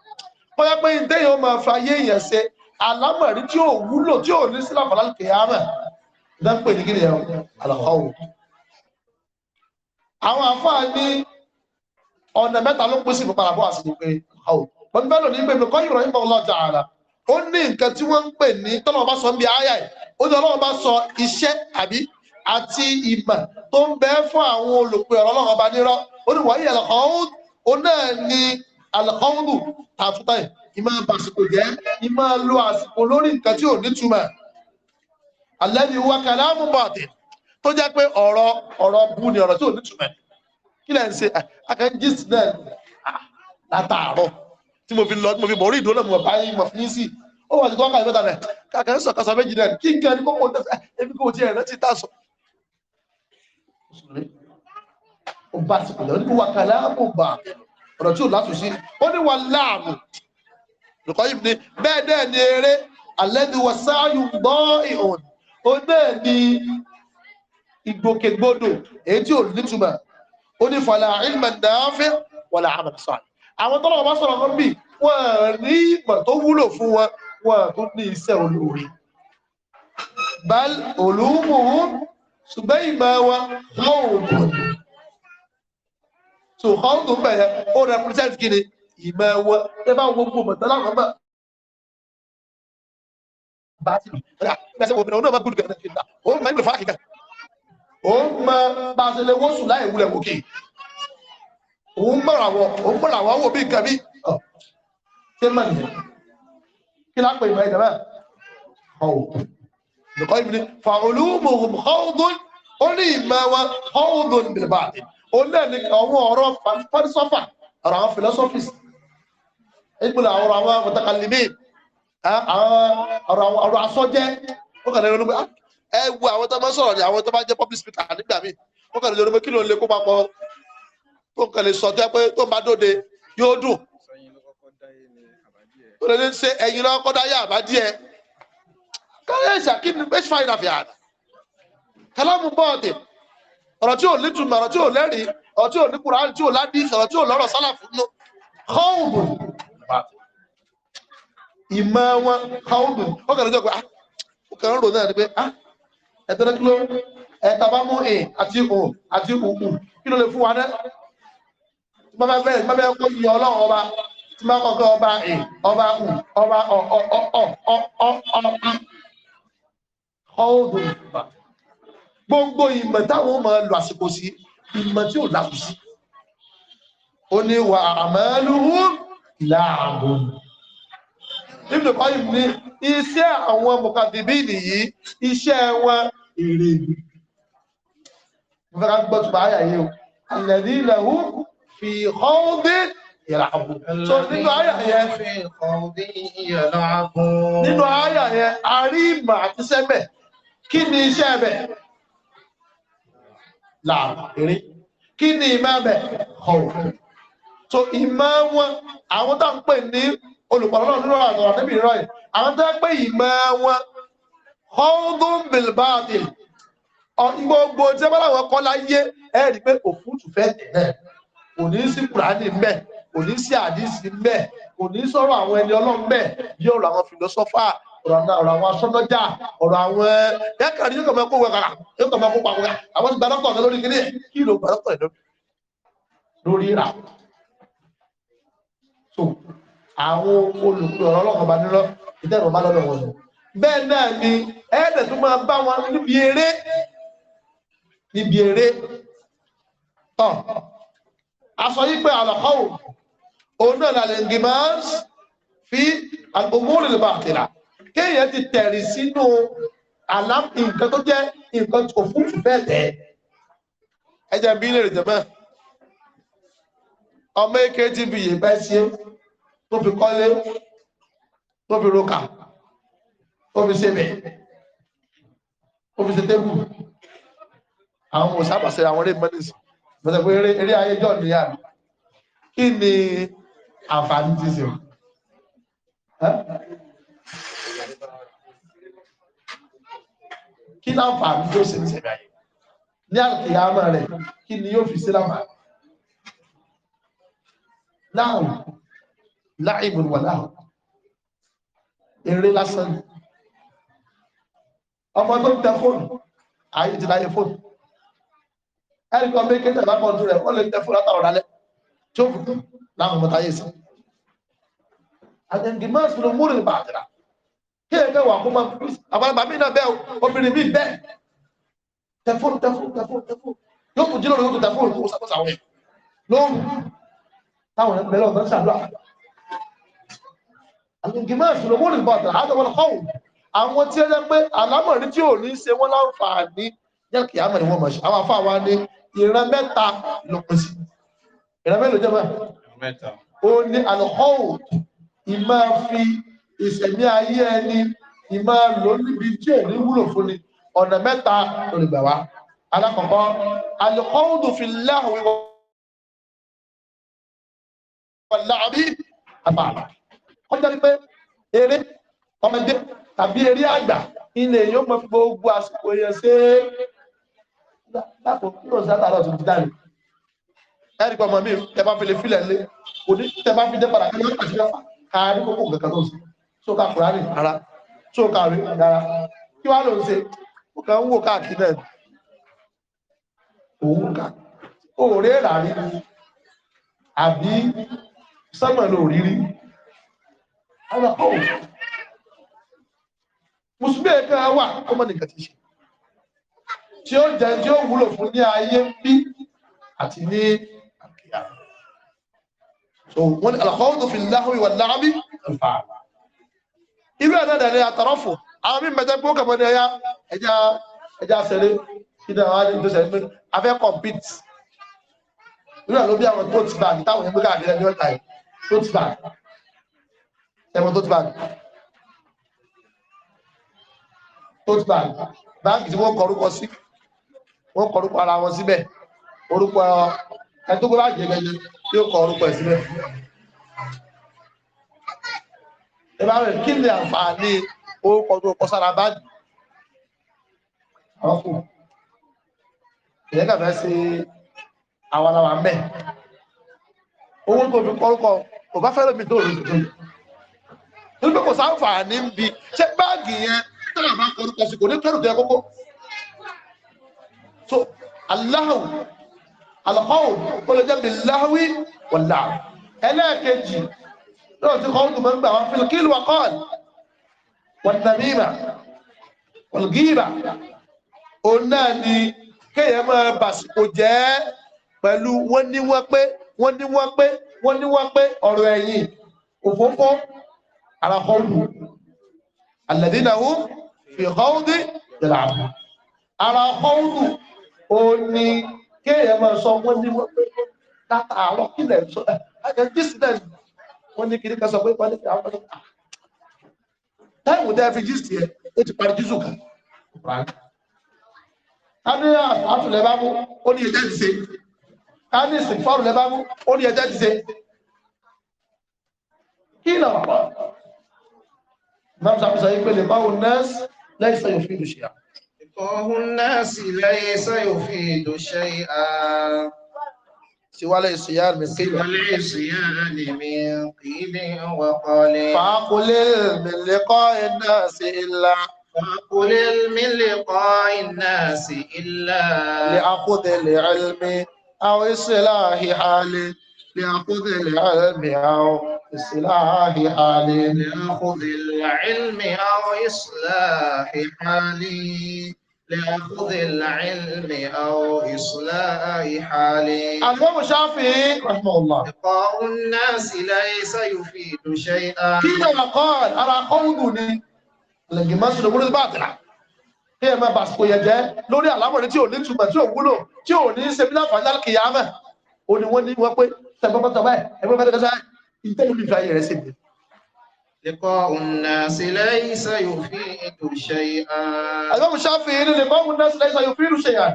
wọ́n yá pé ìdẹ́yìn ọmọ afáyé èèyàn ṣe alámọ̀rí tí ó wúlò tí ó ní sílàfà láti àmọ̀ dápẹ́ ní kíni ẹ̀rọ àlàkọ́wò àwọn afáà ní ọ̀nà mẹ́ta ló pín sí ìpàpàràbọ̀ àsìkò pé àwò wọ́n bẹ́ẹ̀ lò ní pé nǹkan ìrọ̀ nípa ọlọ́jà ara ó ní nǹkan tí wọ́n ń pè ní tọ́lọ́wọ́ bá sọ ń bi áyà ó ní ọlọ́wọ́ bá sọ iṣẹ́ àbí àti ìmọ̀ tó ń bẹ fún àwọn olùpẹ̀ ọ̀rọ̀ ọlọ́run ọba nírọ́ ó ní wọ́n yẹ lọ́kọ̀ọ́hún ó náà ní alẹ́kọ̀ọ́húnù tààfútà ìmọ̀ àbàsìkò jẹ́ ìmọ̀ lo àsìkò lórí nǹkan tí ò nítumọ̀ alẹ́ni wá kàlámù bọ̀dì tó jẹ́ pé ọ̀rọ̀ ọ̀rọ̀ bu ni ọ̀rọ̀ tí ò nítumọ̀ kí lẹ́ ń ṣe akẹ́jísì ah, náà ah, látàárọ̀ tí mo fi lọ tí mo fi bọ̀ orí ìdúró náà mo bá yín mo fi yín sí ó wà sí kọ́kà ìfẹ́ta rẹ̀ kàkẹ́ sọ̀kasọ̀ méjì náà kí nǹkan ní kókò ẹbí kò tiẹ̀ rántí tá a sọ mùsùlùmí ó bá sì pèlè oníbi wà kàlẹ́ àmú bà ọ̀rọ̀ tí ò látò sí ó ní wà láàmù lùkọ́ yìí ni bẹ́ẹ̀ dẹ́ ni eré alẹ́ ni wọ́n sáàyù gbọ́ ìhùn ó náà ni ìgbòkègbodò èyí tí ò nítumọ̀ ó ní fàlà ilmẹ̀ nàáfẹ́ wọ́n là àmàlà sọ́ọ̀ àwọn tọ́lọ̀ bá sọ̀rọ̀ kan bì wọ́n ní ìmọ̀ tó wúlò fún wọn wọ́n tún ní iṣẹ́ olóore ṣùgbọ́n ìmọ̀ wa hóòdù so hóòdù bẹ̀yẹ ó represent kí ni ìmọ̀ wa ẹ bá gbogbo mọ̀tọ́ láwọn mọ̀ bá ti rà ẹsẹ̀ obìnrin onáà má gbúdù gẹ̀ẹ́dẹ̀ kí n dà ó máa ń lè fà kíkà ó máa bá a ṣe lè wọ́sùn mọ̀ nìyẹn kí lápẹ̀ ìmọ̀ ìjọba ọ̀hún nìkọ́ ibi ni fa'ulumuhum khawdun ó ní ìmọ̀ wọn khawdun bilbaati ó náà ní àwọn ọ̀rọ̀ farisofa ọ̀rọ̀ àwọn philosophers ìgbìlẹ̀ àwọn àwọn mutakallimin àwọn ọ̀rọ̀ asọ́jẹ́ ó kàn lẹ́nu pé ah, ẹ wo àwọn tó máa sọ̀rọ̀ ni àwọn tó máa jẹ́ public speaker nígbà míì ó kàn lẹ́nu pé kí ló lè kó papọ̀ tó kàn lè sọ tó yẹ pé tó máa dóde yóò dùn ó lè ṣe ẹ̀yin lọ́kọ́ dáyé àbádìẹ ليس كن ايش فايده في هذا كلام باطل ọ̀rọ̀ tí ò nítumọ̀ ọ̀rọ̀ tí ò lẹ́rìí ọ̀rọ̀ tí ò ní kùránì tí ò ládìí ọ̀rọ̀ tí ò lọ́rọ̀ sálàfù ló kọ́ọ̀bù ìmọ̀ wọn kọ́ọ̀bù ó kẹ̀rọ jọ pé ó kẹ̀rọ rò náà ni pé ẹ̀tọ́rẹ́ kí ló ẹ̀ta bá mú ẹ̀ àti ò àti òkú kí ló lè fún wa náà tí máa bẹ̀rẹ̀ máa bẹ̀rẹ̀ kó yí ọlọ́run ọba tí máa kọ́kọ́ ọba ẹ̀ ọba ọ̀ ọba ọ̀ ọ̀ ọ̀ ọ̀ ọ̀ ọ̀ọ́dọ̀ ìgbà gbogbo ìmọ̀ táwọn máa lò àsìkò sí ìmọ̀ tí ò lásù sí ó ní wà àmàlùhùn láàrùn ibùdó báyìí ní iṣẹ́ àwọn mọ̀kàdìbìnì yìí iṣẹ́ wọn èrè ìlú fẹ́ràn gbọ́tù bá ayà yìí alẹ́dí ìlẹ̀hú fi ọ̀ọ́dí ìràbù so nínú ayà yẹn nínú ayà yẹn àrí ìmọ̀ àti sẹ́mẹ̀ kí ni iṣẹ́ bẹ̀ làwọn eré kí ni ìmọ̀ bẹ̀ ọ̀rọ̀ so ìmọ̀ wọn àwọn tá à ń pè ní olùpàlọ́nà nínú àtọ̀rọ̀ àtẹ́bí ìrọ̀ yìí àwọn tá à ń pè ìmọ̀ wọn ọdún bilbaadi gbogbo tí wọ́n láwọn kọ́ láyé ẹ̀ rí pé òfútù fẹ́ tẹ̀ náà sí kùránì mbẹ kò sí àdìsí mbẹ kò sọ̀rọ̀ àwọn ẹni Ọlọ́run mbẹ yóò lọ àwọn fìlọ́sọ́fà ọ̀rọ̀ àwọn asọ́lọ́jà ọ̀rọ̀ àwọn ẹ̀ẹ́kàrí yóò kọ̀mọ́ kó wẹ̀ kàrà yóò kọ̀mọ́ kó pa wẹ̀ àwọn ìgbà dọ́kọ̀ rẹ lórí kiri ẹ̀ kí ló gbà dọ́kọ̀ rẹ lórí rà. so àwọn olùkọ́ ọ̀rọ̀ ọlọ́kọ̀ bá nílọ ìtẹ́rù bá lọ́dọ̀ wọn. bẹ́ẹ̀ náà ni ẹ̀ẹ́dẹ̀ tó máa bá wọn níbi eré níbi eré tán aṣọ yí pé àlọ́kọ́ òun náà làlẹ́ fi al-umuri al-batila kéèyàn ti tẹ̀rì sínú nǹkan tó jẹ́ nǹkan òfúrufú bẹ́ẹ̀ tẹ́ ẹ jẹ́ bí lè jẹ́ bẹ́ẹ̀ ọmọ èké tí fi yè bẹ́ sí tó fi kọ́lé tó fi roka tó fi sébẹ̀ tó fi setébù àwọn òṣàbàṣẹ àwọn eré mẹ́lẹ́sì bẹ́sẹ̀ pé eré ayéjọ́ ní àná kí ni àǹfààní ti sèwọ̀n kí láǹfààní yóò ṣe ní sẹ̀mí ayé ní àkìyàmọ̀ rẹ̀ kí ni yóò fi sí láǹfààní láàrùn láìbùn wà láàrùn eré lásán ni ọmọ tó ń tẹ fóònù ayé ti láyé fóònù ẹnìkan bí kéde bá kọjú rẹ̀ ó lè tẹ fóònù látàrọ̀ lálẹ́ tí ó fi kú láwọn ọmọ táyé sí àjẹǹdì máa fi lọ múrin bàjẹ́ra kí ẹ bẹ wà kó máa kúrú àgbàlagbà mí náà bẹ obìnrin mí bẹ tẹfóònù tẹfóònù tẹfóònù tẹfóònù yóò kù jíròrò yóò kù tẹfóònù kó sàkóso àwọn yẹn lóòrùn táwọn ẹ bẹ̀rẹ̀ ọgbọn sàlọ àgbègbè ìṣòro ní ìbàdàn àádọ́wọ́n ọ̀hún àwọn tí ó jẹ́ pé àlámọ̀rí tí ò ní ṣe wọ́n láǹfààní jẹ́ kí àmọ̀ ni wọ́n mọ̀ ṣe àwọn afá wa ní ìran mẹ́ta ló pín sí ìran mẹ́ta ló jẹ́ bá ó ní àlọ́hún ìmáa fi ìṣẹ̀mí ayé ẹni ìmọ̀ lò níbi tí ò ní wúlò fún ni ọ̀nà mẹ́ta olùgbà wa alákọ̀ọ́kọ́ alùkọ́ọ̀dù fi láhùn ìwọ̀ láàbí àbá kọjá wípé eré ọmọdé tàbí eré àgbà ilẹ̀ yóò mọ̀ gbogbo àsìkò yẹn ṣe lápò kí lóò sátà lọ́tún ti dáre ẹ̀rí pọ̀ mọ̀ mí tẹ bá fi lè filẹ̀ lé kò ní tẹ bá fi dé padà kí lóò pàṣẹ fà káàrí kókó kankan lọ́sùn tó ka kùránì rárá tó ka rí rárá kí wá ló ń ṣe ó kàn ń wò káàkiri náà òun kà òòrè ràrí àbí sẹ́mọ̀lì òrírí ara kò mùsùlùmí ẹ̀ka wà ọmọ nìkan ti ṣe tí ó jẹ tí ó wúlò fún ní ayé bí àti ní àkíyà so wọ́n ni alakọ́wọ́ tó fi láhùn ìwà láàbí ìfààlà irú ẹ̀ náà ní àtàrọ́fù àwọn mímọ̀ jẹ́ pé ó kẹ̀mọ́ ní ẹja ẹja ẹja sẹ̀lẹ̀ ìdá àwọn àjẹ́ ìdóṣẹ̀ pé a fẹ́ compete irú ẹ̀ ló bí àwọn tote bag táwọn ẹgbẹ́ káàkiri ẹni ọ̀tà yìí tote bag ẹ̀mọ́ tote bag tote bag báńkì tí wọ́n kọ orúkọ sí wọ́n kọ orúkọ ara wọn síbẹ̀ orúkọ ẹ̀ tó gbé bá jẹ́ gẹ́gẹ́ yóò kọ orúkọ ẹ̀ ẹbá rẹ̀ kí ni àǹfààní orúkọ tó kọ sára báàgì àwọn kù ìyẹn kàfẹ sí àwọn àwọn mẹ owó tó fi kọrúkọ kò bá fẹ́rẹ̀ mi tó rí tuntun nínú pé kò sáǹfààní ń bi ṣé báàgì yẹn tó lè máa kọrúkọ sí kò ní kẹrù tó yẹ kókó so aláhù alakọ́wù ó lè jẹ́ bí láwí wọ̀lá ẹlẹ́ẹ̀kejì náà tí kọ́ ọdún mọ́gbà wọn fílù kílù wọ́kọ́ọ̀lù wọ̀tàmíìmà wọ̀lgíìmà òun náà ni kéèyàn máa bàsìkò jẹ́ pẹ̀lú wọ́n ní wọ́n pé wọ́n ní wọ́n pé wọ́n ní wọ́n pé ọ̀rọ̀ ẹ̀yìn òfófó àràkọ́ọ̀lù àlẹ́dínàwó fìkọ́ọ̀dì ìlànà àràkọ́ọ̀lù òun ni kéèyàn máa sọ wọ́n ní wọ́n pé látàárọ̀ kílẹ̀ sọ ẹ̀ẹ́dẹ́sílẹ̀ wọ́n ní kiri kan sọ pé wọ́n ní kiri àwọn kan sọ pé ah, táìmù tẹ́ fi jíìsì ẹ̀ ó ti parí jíìsù kan káníyà àtúlẹ̀ bá mú ó ní ẹjẹ́ ti ṣe káníyà sìnfọ́ọ̀rù lẹ́ bá mú ó ní ẹjẹ́ ti ṣe kí lọ pọ̀ náà sàmùsà yìí pé lè báwo nẹ́ẹ̀sì lẹ́yìn sẹ́yìn òfin ìdòṣe سوى العصيان من قيل سوى العصيان من قيل وقال فاقل من لقاء الناس إلا فاقل من لقاء الناس إلا لأخذ العلم أو إصلاح حال لأخذ العلم أو إصلاح حال لأخذ العلم أو إصلاح حالي لأخذ العلم أو إصلاح حالي الإمام الشافعي رحمه الله إقار الناس ليس يفيد شيئا كذا وقال أرى قوضني lẹ́yìn máa ń sọ̀rọ̀ wúlò bá àtìlá kí ẹ máa bàṣkò yẹ jẹ́ lórí àlámọ̀rẹ́ tí ò ní túmọ̀ tí ò wúlò tí ò ní ṣe bílá fàájá kìyàmẹ́ ò ní wọ́n ní pé tẹ̀gbọ́n bá tọ̀ báyìí ẹgbẹ́ bá tẹ̀gbọ́n sáyẹn ìtẹ́lẹ̀ fi ayé rẹ̀ sí mi. لقاء الناس ليس يفيد شيئا Àlọ́mù Ṣáfi'í ní لقاء الناس ليس يفيد شيئا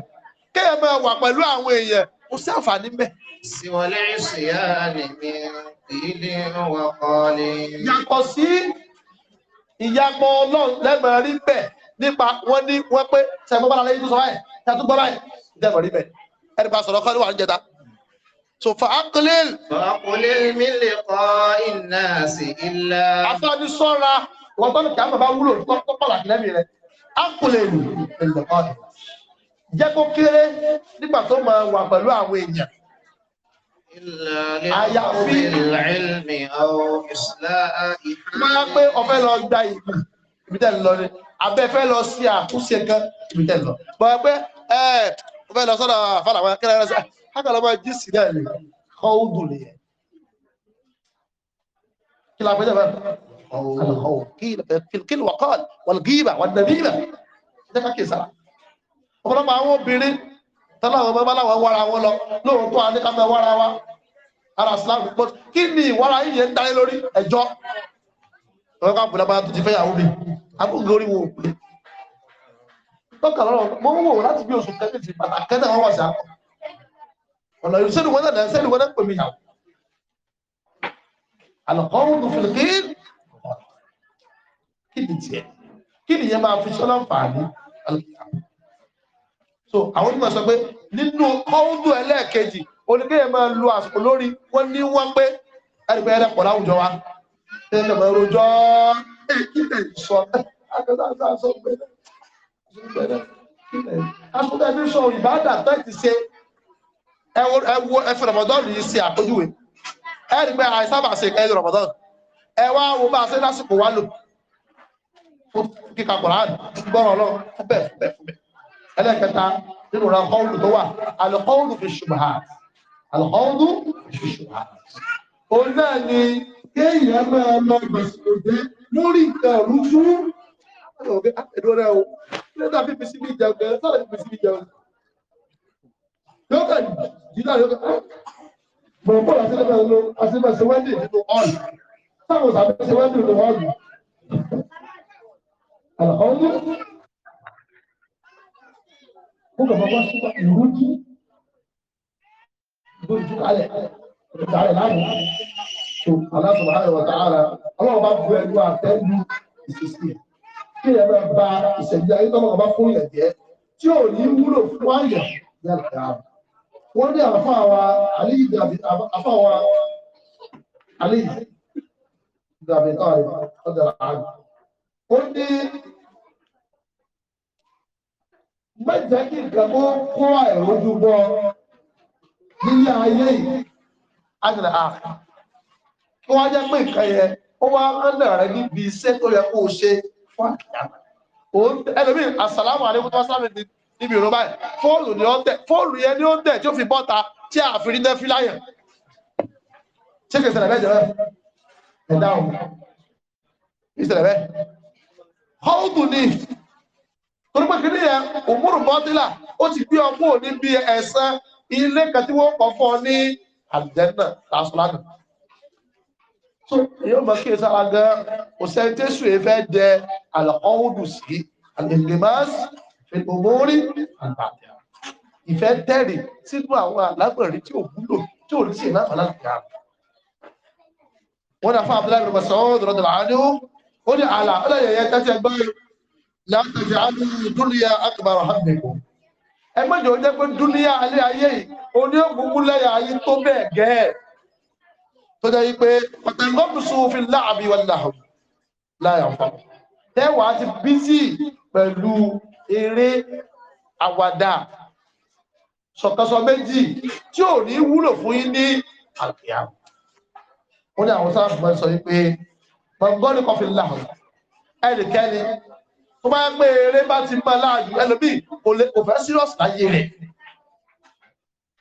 kéèyàn máa wà pẹ̀lú àwọn èèyàn kò sí àǹfààní mẹ́. Síwọlé ìṣìyá ni mi ìdí wà kọ́lé. Yàtọ̀ sí ìyapọ̀ ọlọ́run lẹ́gbẹ̀ẹ́ rí bẹ́ẹ̀ nípa wọ́n ní wọ́n pé ṣẹ̀gbọ́n bá lálẹ́ yìí tó sọ báyìí ṣàtúgbọ́ báyìí ìdẹ́gbọ̀n rí bẹ́ẹ̀ ẹni bá sọ̀rọ̀ kọ́ ló wà ní jẹta so fa akulil. fa akulil mi lè kọ́ iná sí ilá. afáàdì sọ́ra wọn tọ́ni kí a bàbá wúlò tó pàtàkì lẹ́mìí rẹ̀ akulil mi lè kọ́ ọ̀dọ̀ jẹ́ kó kéré nígbà tó máa wà pẹ̀lú àwọn èèyàn. Àyàfi máa pé ọfẹ́ lọ gba ìmọ̀ ìbítẹ̀ lọ ni, abẹ́ fẹ́ lọ sí àtúnṣe kan ìbítẹ̀ lọ. Bọ̀ pé ẹ ọfẹ́ lọ sọ́dọ̀ kákàlá máa jí sí náà ní kọ́ọ̀dù nìyẹn kí la fẹ́ jẹ́ kí lọ eh, kọ́ wàlgíbà wàdàbíbà jẹ́ ká kìí sára ọ̀pọ̀lọpọ̀ àwọn obìnrin tọ́láwọn ọmọ báláwọn wára wọn lọ lóòrùn tó àdékà fẹ́ bá tó ọ̀nà ìṣẹ́lú wọn náà ṣẹ́lú wọn náà pè mí yàwó àlọ́kọ́rùn tó fìlì kí kí ni tiẹ̀ kí ni yẹn máa fi sọ́nà fàánì so àwọn onímọ̀ sọ pé nínú kọ́ńdù ẹlẹ́ẹ̀kejì oníkéyẹ máa lo àsìkò lórí wọ́n ní wọ́n pé ẹ̀rìgbẹ́ ẹ̀rẹ́ pọ̀ láwùjọ wa ṣé ẹ̀ lọ́mọ rojọ́ kí lè sọ aṣọ bẹ́ẹ̀ ní sọ ìbádà tẹ́tì ṣe ẹwọ ẹfẹ rọmọdọ́nù yìí sí àpójúwe ẹ̀rí pé àìsábà sí ẹ̀rí rọmọdọ́nù ẹwà wo bá ṣe lásìkò wá lò kíkà kọ̀rán gbọ́rọ̀ lọ bẹ́ẹ̀ bẹ́ẹ̀ fún mi ẹlẹ́kẹta nínú ra kọ́ọ̀lù tó wà alùkọ́ọ̀lù fi ṣùgbà alùkọ́ọ̀lù fi ṣùgbà ó náà ni kéèyàn máa lọ gbèsè lórí nǹkan rújú ẹ̀dọ́ ah, rẹ̀ o kí ló dà fífi síbi ìjẹun gẹ̀ẹ́ sọ́dọ̀ fífi síbi ìjẹun yóò kà jìdá yóò kà mọ̀ bọ́ọ̀lù àṣìlẹ́bẹ̀ ló àṣìlẹ́bẹ̀ ṣe wẹ́ndì nínú ọ̀lù táwọn sàbẹ̀ ṣe wẹ́ndì nínú ọ̀lù. àlàkọ́ńdé ó kà bàbá ṣúgbà ìrújú lójú kalẹ̀ ìdàrẹ̀ láàrin tó aláṣọ̀rọ̀ àyẹ̀wò tààrà ọlọ́run bá bu ẹnu àtẹ́lu ìṣesí kí ẹ wọ́n ní àfáwà aliyu dàbí àfáwà aliyu dàbí ọ̀rẹ́ ọ̀dàrà àgbà ó ní mẹ́jẹ kí nǹkan kó kó àìrójú bọ́ nílé ayé yìí àjẹlẹ̀ àkà kí ah. wọ́n jẹ́ pé nǹkan yẹn ó wá ọ́nà rẹ níbi iṣẹ́ tó yẹ kó o ṣe fún àkìyà ẹlòmíì àsàlámù àlékún tó wá sábẹ̀ nínú níbi ìrọ̀ báyìí fóònù ni ó tẹ̀ fóònù yẹn ni ó tẹ̀ tí ó fi bọ́ta tí a fi rí náà fi láyàn ṣé kìí ṣẹlẹ̀ bẹ́ẹ̀ jẹ́ bẹ́ẹ̀ ẹ̀ dáhùn kìí ṣẹlẹ̀ bẹ́ẹ̀ hóòdù ni torí pé kìíní yẹn òmùrù bọ́tílà ó ti gbé ọkùn òní bí ẹ̀sán ilé kan tí wọ́n kọ́ fún ọ ní àlùjẹ́nà lásùlánà so èyí ò mọ kí ẹsẹ ara gan òsèǹtẹsù yẹn fẹ́ jẹ àlọ́kọ́hódù sí àlèlèmọ́sì ìgbòmórí àgbàdà ìfẹ́ tẹ́rì sínú àwọn alágbẹ̀rí tí ò wúlò tí ò ní sí ìlànà láàrín àrùn wọ́n na fún abúlé ìrìnbọ̀ sọ́wọ́ dọ̀rọ̀dọ̀rọ̀ àádọ́ ó ní àlà ọlọ́yẹ̀yẹ tẹ́tí ẹgbẹ́ látàjẹ́ àdúrà dúnìyà akbar hàmìkò ẹgbẹ́jọ jẹ́ pé dúnìyà alẹ́ ayé yìí ó ní òkúkú tó jẹ́ pé pàtàkọ́bùsù fi láàbí wà láàbí láyà fún tẹ́wàá ti bízì pẹ̀lú eré àwàdà sọ̀kànsọ méjì tí ò ní wúlò fún yín ní àlùkìyà ó ní àwọn sáà fún sọ wípé mọ̀ngọ́lì kọfí láàrùn ẹnìkẹ́ni tó bá pé eré bá ti mọ́ láàyù ẹlòmíì kò fẹ́ serious láyé rẹ̀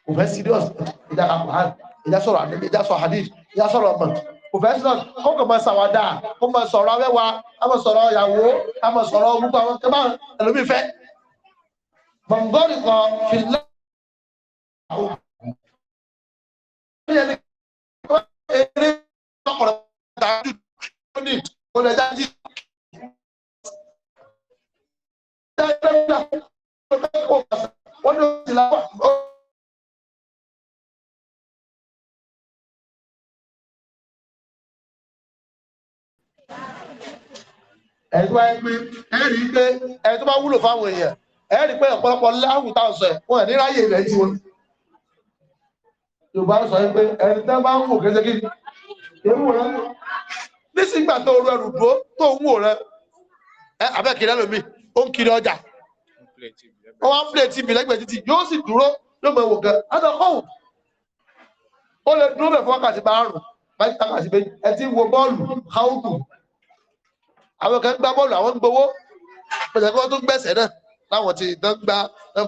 kò fẹ́ serious ìjà kàkùn ìjà sọ̀rọ̀ àdébí ìjà sọ̀rọ̀ hadith ìjà sọ̀rọ̀ ọmọ professional kọ́kọ́ máa ṣàwádà kó máa sọ̀rọ̀ awẹ́wà a máa sọ̀rọ̀ ìyàwó a máa sọ̀rọ̀ gbogbo àwọn tẹ́bà ẹlòmífẹ́ bọ̀ǹgọ́rì kan fi lọ́wọ́ ẹni tó bá pé ẹ bá wúlò fáwọn èèyàn ẹ pé ọ̀pọ̀lọpọ̀ láwù tá ẹ̀ wọn ẹ̀ ní rẹ̀ ju wọn. Yorùbá sọ pé ẹni tẹ́ bá ń wò kéṣe kí ewu rẹ nísìgbà tó rú ẹrù dúró tó ń wò rẹ ẹ abẹ́kiri ẹlòmíì ó ń kiri ọjà wọ́n wá ń play tv lẹ́gbẹ̀ẹ́ títì yóò sì dúró ló mọ̀ gan adà kọ́wù ó lè dúró bẹ̀ fún wákàtí márùn-ún wákàtí méjì ẹ ti wo bọ́ọ̀lù káwùkù àwọn kan gbá bọ́ọ̀lù àwọn gbowó pẹ̀lú ẹgbẹ́ tó gbẹ̀sẹ̀ náà láwọn ti dán gbá ẹ̀